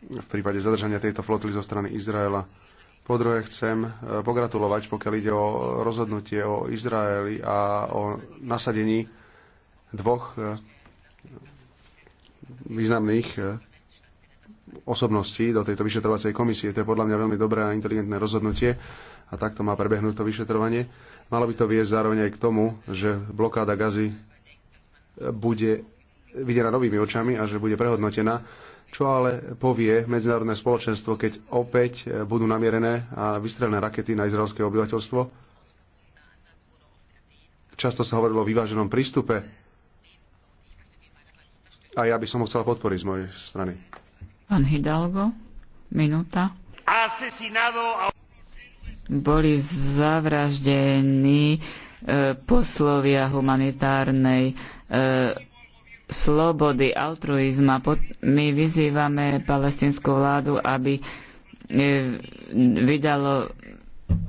v prípade zadržania tejto flotily zo strany Izraela. Po druhé, chcem pogratulovať, pokiaľ ide o rozhodnutie o Izraeli a o nasadení dvoch významných osobnosti do tejto vyšetrovacej komisie. To je podľa mňa veľmi dobré a inteligentné rozhodnutie a takto má prebehnúť to vyšetrovanie. Malo by to viesť zároveň aj k tomu, že blokáda gazy bude videná novými očami a že bude prehodnotená, čo ale povie medzinárodné spoločenstvo, keď opäť budú namierené a vystrelené rakety na izraelské obyvateľstvo. Často sa hovorilo o vyváženom prístupe a ja by som ho chcel podporiť z mojej strany. Pán Hidalgo, minúta. Boli zavraždení e, poslovia humanitárnej e, slobody, altruizma. my vyzývame palestinskú vládu, aby e, vydalo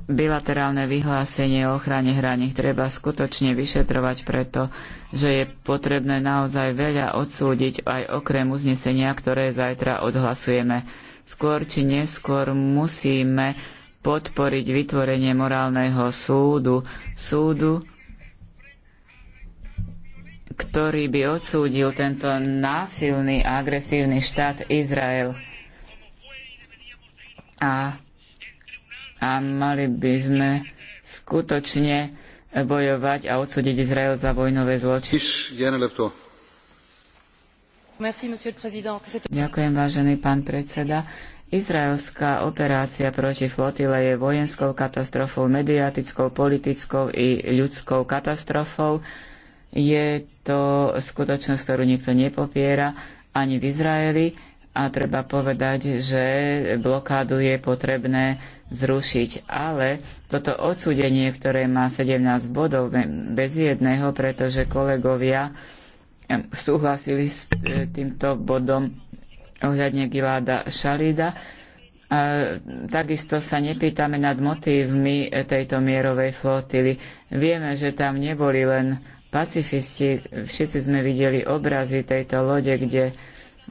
bilaterálne vyhlásenie o ochrane hraníc treba skutočne vyšetrovať preto, že je potrebné naozaj veľa odsúdiť aj okrem uznesenia, ktoré zajtra odhlasujeme. Skôr či neskôr musíme podporiť vytvorenie morálneho súdu, súdu, ktorý by odsúdil tento násilný a agresívny štát Izrael. A a mali by sme skutočne bojovať a odsúdiť Izrael za vojnové zločiny. Ďakujem, vážený pán predseda. Izraelská operácia proti flotile je vojenskou katastrofou, mediatickou, politickou i ľudskou katastrofou. Je to skutočnosť, ktorú nikto nepopiera ani v Izraeli a treba povedať, že blokádu je potrebné zrušiť. Ale toto odsúdenie, ktoré má 17 bodov bez jedného, pretože kolegovia súhlasili s e, týmto bodom ohľadne Giláda Šalída, a takisto sa nepýtame nad motívmi e, tejto mierovej flotily. Vieme, že tam neboli len pacifisti. Všetci sme videli obrazy tejto lode, kde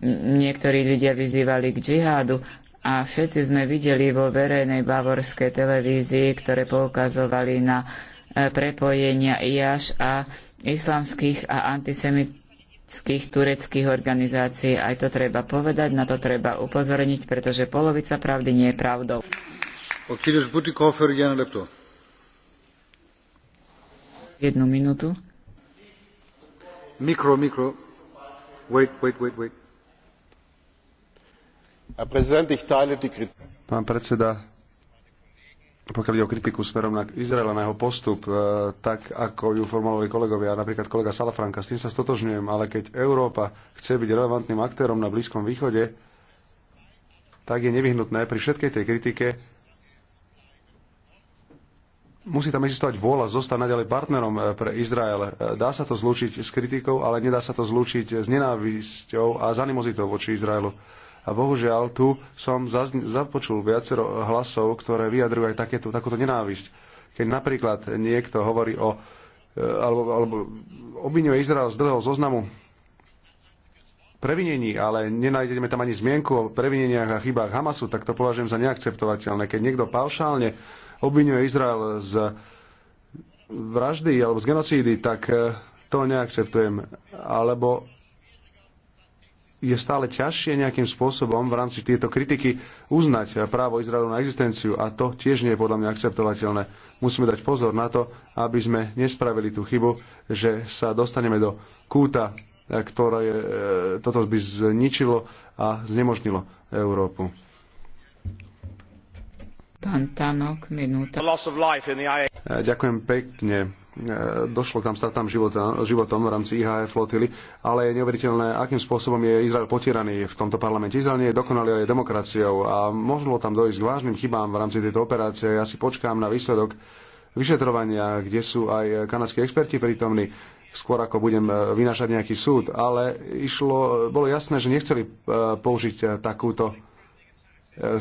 Niektorí ľudia vyzývali k džihádu a všetci sme videli vo verejnej bavorskej televízii, ktoré poukazovali na e, prepojenia IAŠ a islamských a antisemitských tureckých organizácií. Aj to treba povedať, na to treba upozorniť, pretože polovica pravdy nie je pravdou. Jednu minútu. Mikro, mikro. Wait, wait, wait, wait. Pán predseda, pokiaľ ide o kritiku smerom na Izrael a na jeho postup, e, tak ako ju formulovali kolegovia, napríklad kolega Salafranka, s tým sa stotožňujem, ale keď Európa chce byť relevantným aktérom na Blízkom východe, tak je nevyhnutné pri všetkej tej kritike musí tam existovať vôľa zostať naďalej partnerom e, pre Izrael. E, dá sa to zlúčiť s kritikou, ale nedá sa to zlúčiť s nenávisťou a s animozitou voči Izraelu a bohužiaľ tu som započul viacero hlasov, ktoré vyjadrujú aj takéto, takúto nenávisť. Keď napríklad niekto hovorí o e, alebo, alebo obvinuje Izrael z dlhého zoznamu previnení, ale nenájdeme tam ani zmienku o previneniach a chybách Hamasu, tak to považujem za neakceptovateľné. Keď niekto paušálne obvinuje Izrael z vraždy alebo z genocídy, tak e, to neakceptujem. Alebo je stále ťažšie nejakým spôsobom v rámci tejto kritiky uznať právo Izraelu na existenciu a to tiež nie je podľa mňa akceptovateľné. Musíme dať pozor na to, aby sme nespravili tú chybu, že sa dostaneme do kúta, ktoré e, toto by zničilo a znemožnilo Európu. Pán Tanok, minúta. E, ďakujem pekne E, došlo k tam stratám života, životom v rámci IHF flotily, ale je neuveriteľné, akým spôsobom je Izrael potieraný v tomto parlamente. Izrael nie je dokonalý, aj demokraciou a možno tam dojsť k vážnym chybám v rámci tejto operácie. Ja si počkám na výsledok vyšetrovania, kde sú aj kanadskí experti prítomní, skôr ako budem e, vynášať nejaký súd, ale išlo, bolo jasné, že nechceli e, použiť takúto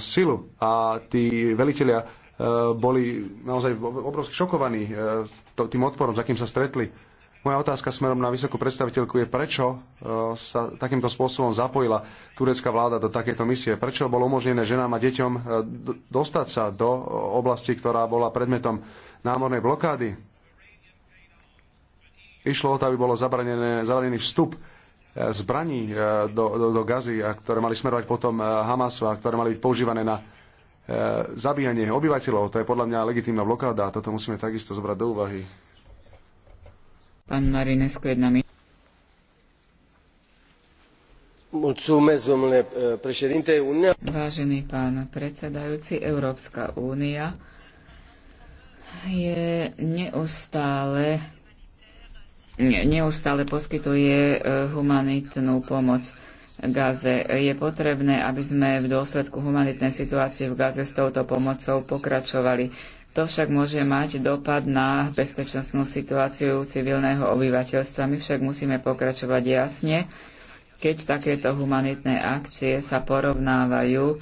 silu a tí velitelia boli naozaj obrovsky šokovaní e, tým odporom, za kým sa stretli. Moja otázka smerom na vysokú predstaviteľku je, prečo e, sa takýmto spôsobom zapojila turecká vláda do takéto misie? Prečo bolo umožnené ženám a deťom e, dostať sa do oblasti, ktorá bola predmetom námornej blokády? Išlo o to, aby bolo zabranený vstup zbraní do, do, do Gazy, a ktoré mali smerovať potom Hamasu a ktoré mali byť používané na E, zabíjanie obyvateľov. To je podľa mňa legitímna blokáda a toto musíme takisto zobrať do úvahy. Pán Marinesko, jedna mi- e, Vážený pán predsedajúci, Európska únia je neustále, neustále poskytuje e, humanitnú pomoc. Gaze. Je potrebné, aby sme v dôsledku humanitnej situácie v Gaze s touto pomocou pokračovali. To však môže mať dopad na bezpečnostnú situáciu civilného obyvateľstva. My však musíme pokračovať jasne, keď takéto humanitné akcie sa porovnávajú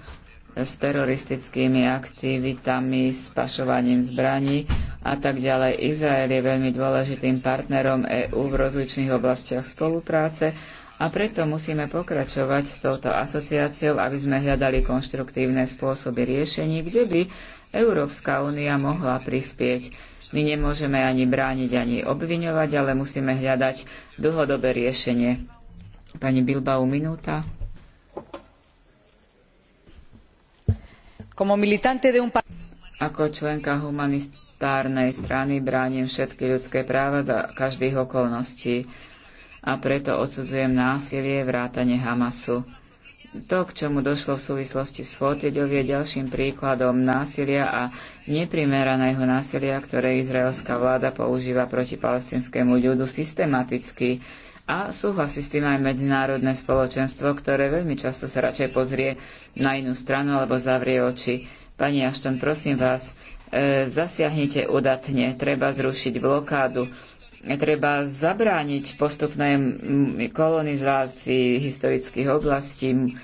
s teroristickými aktivitami, s pašovaním zbraní a tak ďalej. Izrael je veľmi dôležitým partnerom EÚ v rozličných oblastiach spolupráce a preto musíme pokračovať s touto asociáciou, aby sme hľadali konštruktívne spôsoby riešení, kde by Európska únia mohla prispieť. My nemôžeme ani brániť, ani obviňovať, ale musíme hľadať dlhodobé riešenie. Pani Bilbao, minúta. Ako členka humanistárnej humanitárnej strany bránim všetky ľudské práva za každých okolností a preto odsudzujem násilie vrátane Hamasu. To, k čomu došlo v súvislosti s Fotiďov, je ďalším príkladom násilia a neprimeraného násilia, ktoré izraelská vláda používa proti palestinskému ľudu systematicky. A súhlasí s tým aj medzinárodné spoločenstvo, ktoré veľmi často sa radšej pozrie na inú stranu alebo zavrie oči. Pani Ašton, prosím vás, e, zasiahnite udatne, treba zrušiť blokádu, treba zabrániť postupnej kolonizácii historických oblastí,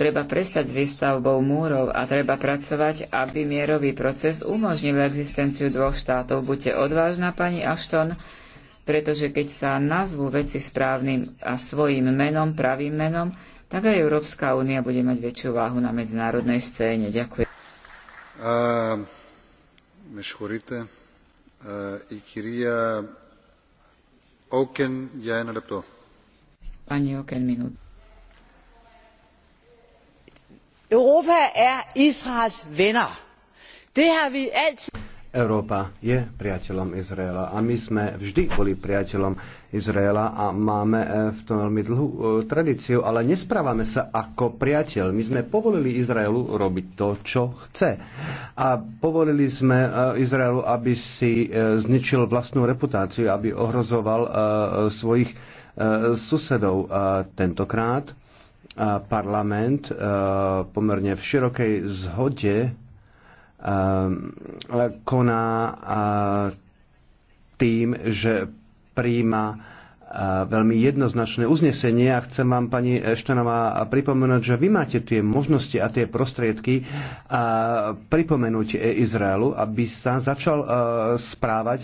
treba prestať s výstavbou múrov a treba pracovať, aby mierový proces umožnil existenciu dvoch štátov. Buďte odvážna, pani Ashton, pretože keď sa nazvú veci správnym a svojim menom, pravým menom, tak aj Európska únia bude mať väčšiu váhu na medzinárodnej scéne. Ďakujem. Uh, Oken, ja Pani Oken, minút. Europa er Israels venner. Det har vi altid Európa je priateľom Izraela a my sme vždy boli priateľom Izraela a máme e, v tom veľmi dlhú e, tradíciu, ale nesprávame sa ako priateľ. My sme povolili Izraelu robiť to, čo chce. A povolili sme e, Izraelu, aby si zničil vlastnú reputáciu, aby ohrozoval svojich susedov. Tentokrát parlament pomerne v širokej zhode koná tým, že príjma e, veľmi jednoznačné uznesenie a chcem vám, pani Eštanová, pripomenúť, že vy máte tie možnosti a tie prostriedky a e, pripomenúť Izraelu, aby sa začal e, správať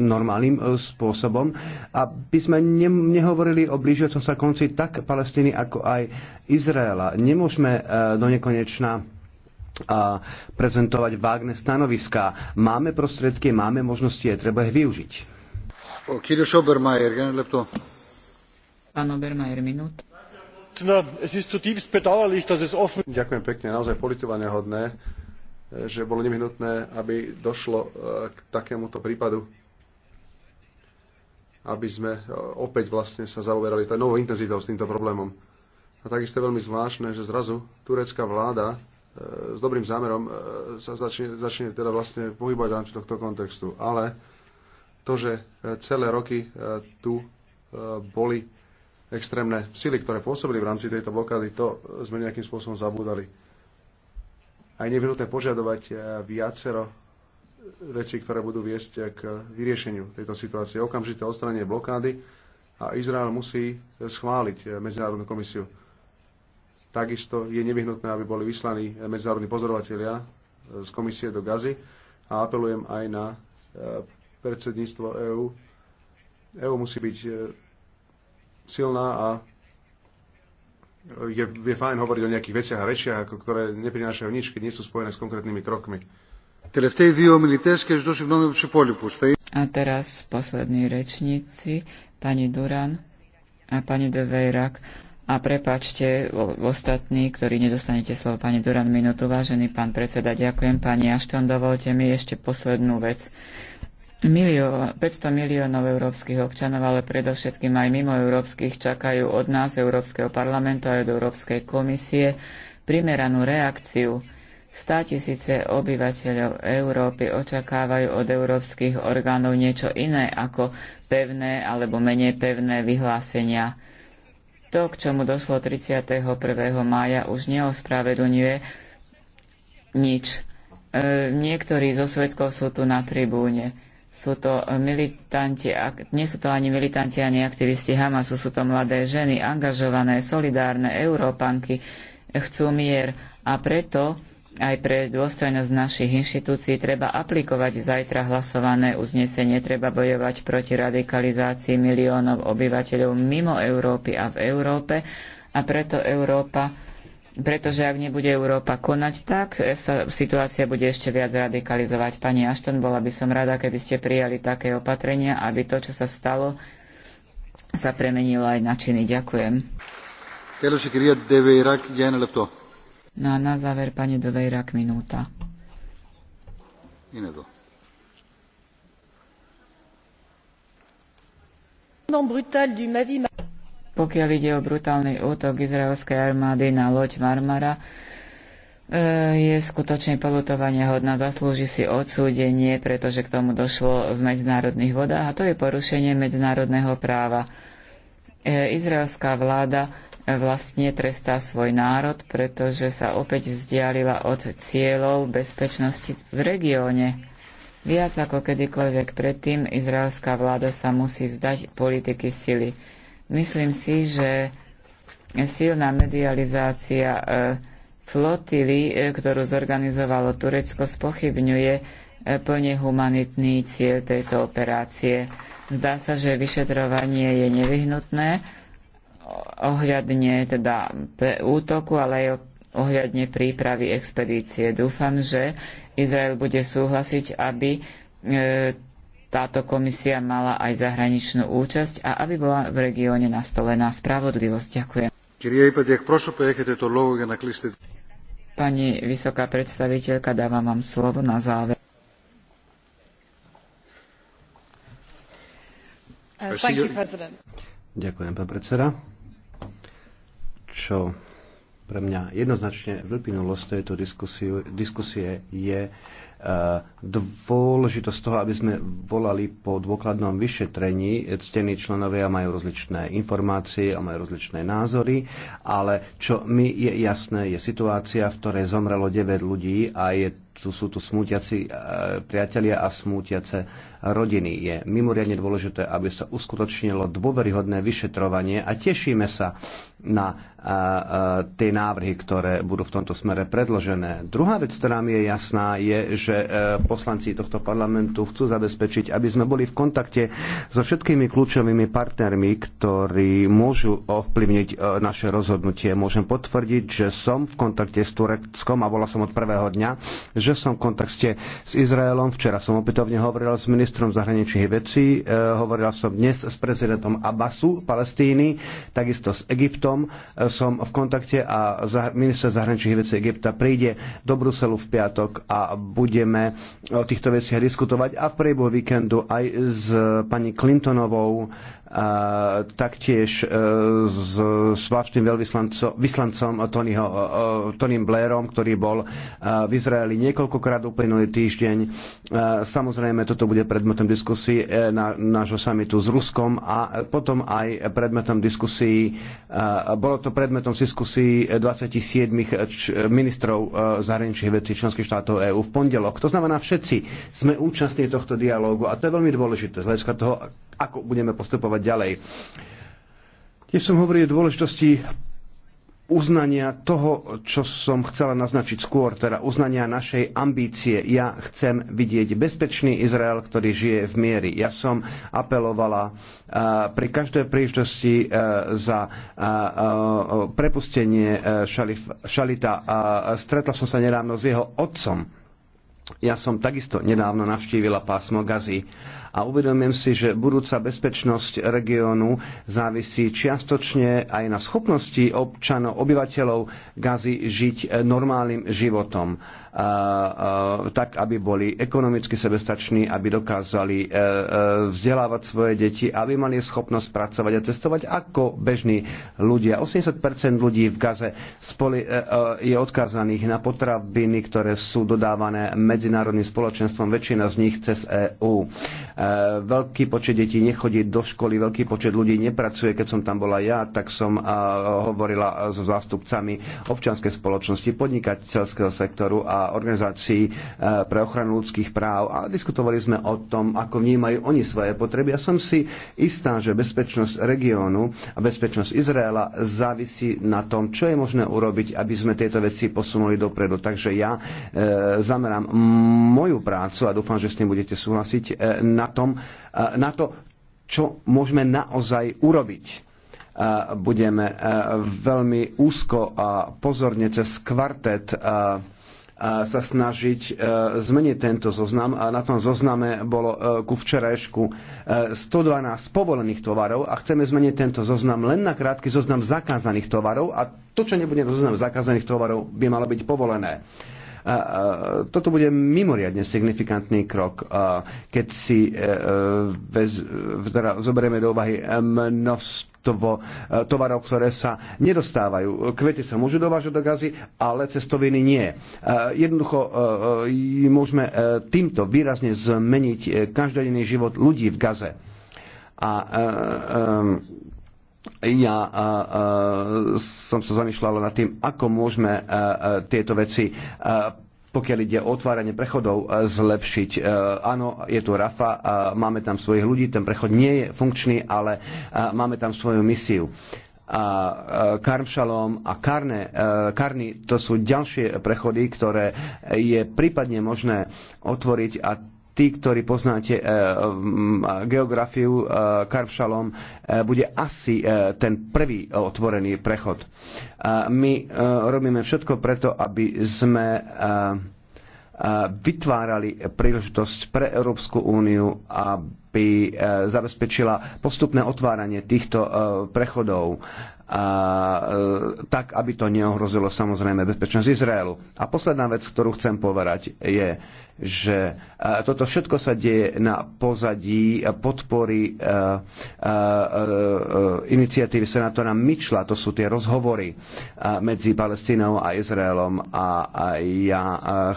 normálnym spôsobom, aby sme nehovorili o blížiacom sa konci tak Palestíny, ako aj Izraela. Nemôžeme do nekonečna a prezentovať vágne stanoviská. Máme prostriedky, máme možnosti a treba ich využiť. Ďakujem pekne, naozaj politovania hodné, e, že bolo nevyhnutné, aby došlo e, k takémuto prípadu, aby sme e, opäť vlastne sa zaoberali tá novou intenzitou s týmto problémom. A takisto je veľmi zvláštne, že zrazu turecká vláda s dobrým zámerom sa začne, začne teda vlastne pohybovať v rámci tohto kontextu. Ale to, že e, celé roky e, tu e, boli extrémne sily, ktoré pôsobili v rámci tejto blokády, to sme nejakým spôsobom zabúdali. Aj nevyhnutné požadovať viacero veci, ktoré budú viesť k vyriešeniu tejto situácie. Okamžité odstranenie blokády a Izrael musí schváliť Medzinárodnú komisiu. Takisto je nevyhnutné, aby boli vyslaní medzinárodní pozorovatelia z komisie do Gazy a apelujem aj na predsedníctvo EÚ. EÚ musí byť e, silná a je, je fajn hovoriť o nejakých veciach a rečiach, ktoré neprinášajú nič, keď nie sú spojené s konkrétnymi krokmi. A teraz poslední rečníci, pani Duran a pani De Vejrak. A prepačte ostatní, ktorí nedostanete slovo pani Duran minútu. Vážený pán predseda, ďakujem pani Ašton. Dovolte mi ešte poslednú vec. Milio, 500 miliónov európskych občanov, ale predovšetkým aj mimo európskych, čakajú od nás, Európskeho parlamentu a od Európskej komisie, primeranú reakciu. Stá tisíce obyvateľov Európy očakávajú od európskych orgánov niečo iné ako pevné alebo menej pevné vyhlásenia. To, k čomu došlo 31. mája, už neospravedlňuje nič. E, niektorí zo svetkov sú tu na tribúne sú to militanti, nie sú to ani militanti, ani aktivisti Hamasu, sú to mladé ženy, angažované, solidárne, európanky, chcú mier a preto aj pre dôstojnosť našich inštitúcií treba aplikovať zajtra hlasované uznesenie, treba bojovať proti radikalizácii miliónov obyvateľov mimo Európy a v Európe a preto Európa pretože ak nebude Európa konať, tak sa situácia bude ešte viac radikalizovať. Pani Ashton, bola by som rada, keby ste prijali také opatrenia, aby to, čo sa stalo, sa premenilo aj na činy. Ďakujem. No a na záver, pani Dovejrak, minúta. du pokiaľ ide o brutálny útok izraelskej armády na loď Marmara, e, je skutočne polutovania hodná, zaslúži si odsúdenie, pretože k tomu došlo v medzinárodných vodách a to je porušenie medzinárodného práva. E, izraelská vláda e, vlastne trestá svoj národ, pretože sa opäť vzdialila od cieľov bezpečnosti v regióne. Viac ako kedykoľvek predtým, izraelská vláda sa musí vzdať politiky sily. Myslím si, že silná medializácia e, flotily, e, ktorú zorganizovalo Turecko, spochybňuje e, plne humanitný cieľ tejto operácie. Zdá sa, že vyšetrovanie je nevyhnutné ohľadne teda útoku, ale aj ohľadne prípravy expedície. Dúfam, že Izrael bude súhlasiť, aby táto komisia mala aj zahraničnú účasť a aby bola v regióne nastolená spravodlivosť. Ďakujem. Pani vysoká predstaviteľka, dávam vám slovo na záver. Uh, Ďakujem, pán predseda. Čo pre mňa jednoznačne vlpinulosť z tejto diskusie, diskusie je, dôležitosť toho, aby sme volali po dôkladnom vyšetrení. Ctení členovia majú rozličné informácie a majú rozličné názory, ale čo mi je jasné, je situácia, v ktorej zomrelo 9 ľudí a je, sú tu smútiaci eh, priatelia a smútiace rodiny. Je mimoriadne dôležité, aby sa uskutočnilo dôveryhodné vyšetrovanie a tešíme sa na tie návrhy, ktoré budú v tomto smere predložené. Druhá vec, ktorá mi je jasná, je, že e, poslanci tohto parlamentu chcú zabezpečiť, aby sme boli v kontakte so všetkými kľúčovými partnermi, ktorí môžu ovplyvniť e, naše rozhodnutie. Môžem potvrdiť, že som v kontakte s Tureckom a bola som od prvého dňa, že som v kontakte s Izraelom. Včera som opätovne hovoril s ministrom ministrom zahraničných vecí. E, hovorila som dnes s prezidentom Abbasu Palestíny, takisto s Egyptom e, som v kontakte a minister zahraničných vecí Egypta príde do Bruselu v piatok a budeme o týchto veciach diskutovať a v priebehu víkendu aj s pani Clintonovou a e, taktiež s vláštnym vyslancom Tonyho, Tonym Blairom, ktorý bol v Izraeli niekoľkokrát uplynulý týždeň. Samozrejme, toto bude pred predmetom diskusí e, na, nášho samitu s Ruskom a potom aj predmetom diskusí, e, bolo to predmetom diskusí 27 ministrov e, zahraničných vecí členských štátov EÚ v pondelok. To znamená, všetci sme účastní tohto dialógu a to je veľmi dôležité z hľadiska toho, ako budeme postupovať ďalej. Keď som hovoril o dôležitosti uznania toho, čo som chcela naznačiť skôr, teda uznania našej ambície. Ja chcem vidieť bezpečný Izrael, ktorý žije v miery. Ja som apelovala eh, pri každej príležitosti eh, za eh, prepustenie Šalita. Stretla som sa nedávno s jeho otcom ja som takisto nedávno navštívila pásmo Gazy a uvedomím si, že budúca bezpečnosť regiónu závisí čiastočne aj na schopnosti občanov, obyvateľov Gazy žiť normálnym životom tak, aby boli ekonomicky sebestační, aby dokázali e, e, vzdelávať svoje deti, aby mali schopnosť pracovať a cestovať ako bežní ľudia. 80% ľudí v Gaze e, je odkázaných na potraviny, ktoré sú dodávané medzinárodným spoločenstvom, väčšina z nich cez EÚ. Veľký počet detí nechodí do školy, veľký počet ľudí nepracuje. Keď som tam bola ja, tak som hovorila so zástupcami občianskej spoločnosti, podnikateľského sektoru a a organizácií eh, pre ochranu ľudských práv a diskutovali sme o tom, ako vnímajú oni svoje potreby. Ja som si istá, že bezpečnosť regiónu a bezpečnosť Izraela závisí na tom, čo je možné urobiť, aby sme tieto veci posunuli dopredu. Takže ja eh, zamerám moju prácu a dúfam, že s tým budete súhlasiť eh, na, tom, na to, čo môžeme naozaj urobiť budeme veľmi úzko a pozorne cez kvartet sa snažiť e, zmeniť tento zoznam. A na tom zozname bolo e, ku včerajšku 112 e, povolených tovarov a chceme zmeniť tento zoznam len na krátky zoznam zakázaných tovarov a to, čo nebude zoznam zakázaných tovarov, by malo byť povolené toto bude mimoriadne signifikantný krok, keď si bez, e, e, teda zoberieme do úvahy množstvo e, tovarov, ktoré sa nedostávajú. Kvety sa môžu dovážať do gazy, ale cestoviny nie. Jednoducho môžeme týmto výrazne zmeniť každodenný život ľudí v gaze. a ja uh, uh, som sa zamýšľal nad tým, ako môžeme uh, uh, tieto veci uh, pokiaľ ide o otváranie prechodov, zlepšiť. Áno, je tu Rafa, máme tam svojich ľudí, ten prechod nie je funkčný, ale máme tam svoju misiu a Karm a Karne, Karny, to sú ďalšie prechody, ktoré je prípadne možné otvoriť a tí, ktorí poznáte eh, geografiu eh, Karpšalom, eh, bude asi ten prvý otvorený prechod. My robíme všetko preto, aby sme vytvárali príležitosť pre Európsku úniu, aby zabezpečila postupné otváranie týchto prechodov, tak aby to neohrozilo samozrejme bezpečnosť Izraelu. A posledná vec, ktorú chcem povedať, je, že toto všetko sa deje na pozadí podpory iniciatívy senátora Mičla. To sú tie rozhovory medzi Palestínou a Izraelom. A ja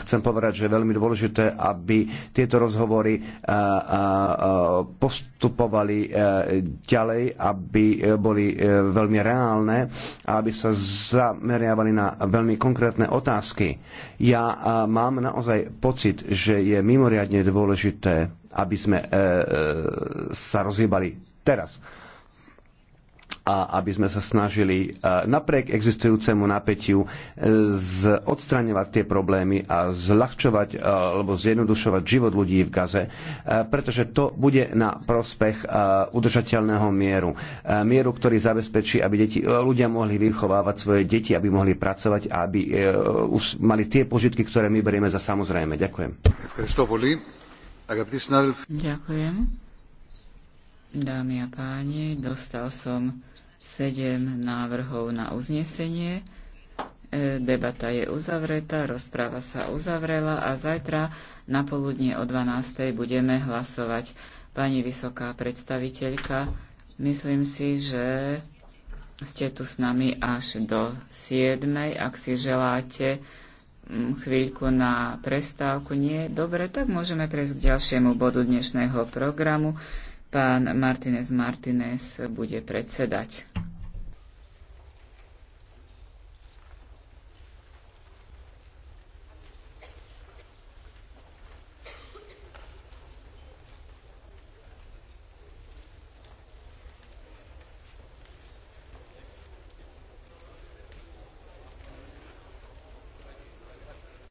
chcem povedať, že je veľmi dôležité, aby tieto rozhovory postupovali e, ďalej, aby boli e, veľmi reálne a aby sa zameriavali na veľmi konkrétne otázky ja mám naozaj pocit, že je mimoriadne dôležité, aby sme e, e, sa rozhýbali teraz a aby sme sa snažili e, napriek existujúcemu napätiu e, odstraňovať tie problémy a zľahčovať e, alebo zjednodušovať život ľudí v Gaze, pretože to bude na prospech udržateľného mieru. Mieru, ktorý zabezpečí, aby deti, ľudia mohli vychovávať svoje deti, aby mohli pracovať a aby už mali tie požitky, ktoré my berieme za samozrejme. Ďakujem. Ďakujem. Dámy a páni, dostal som 7 návrhov na uznesenie. E, debata je uzavretá, rozpráva sa uzavrela a zajtra na poludne o 12.00 budeme hlasovať. Pani vysoká predstaviteľka, myslím si, že ste tu s nami až do 7. Ak si želáte mm, chvíľku na prestávku, nie, dobre, tak môžeme prejsť k ďalšiemu bodu dnešného programu. Pán Martinez Martinez bude predsedať.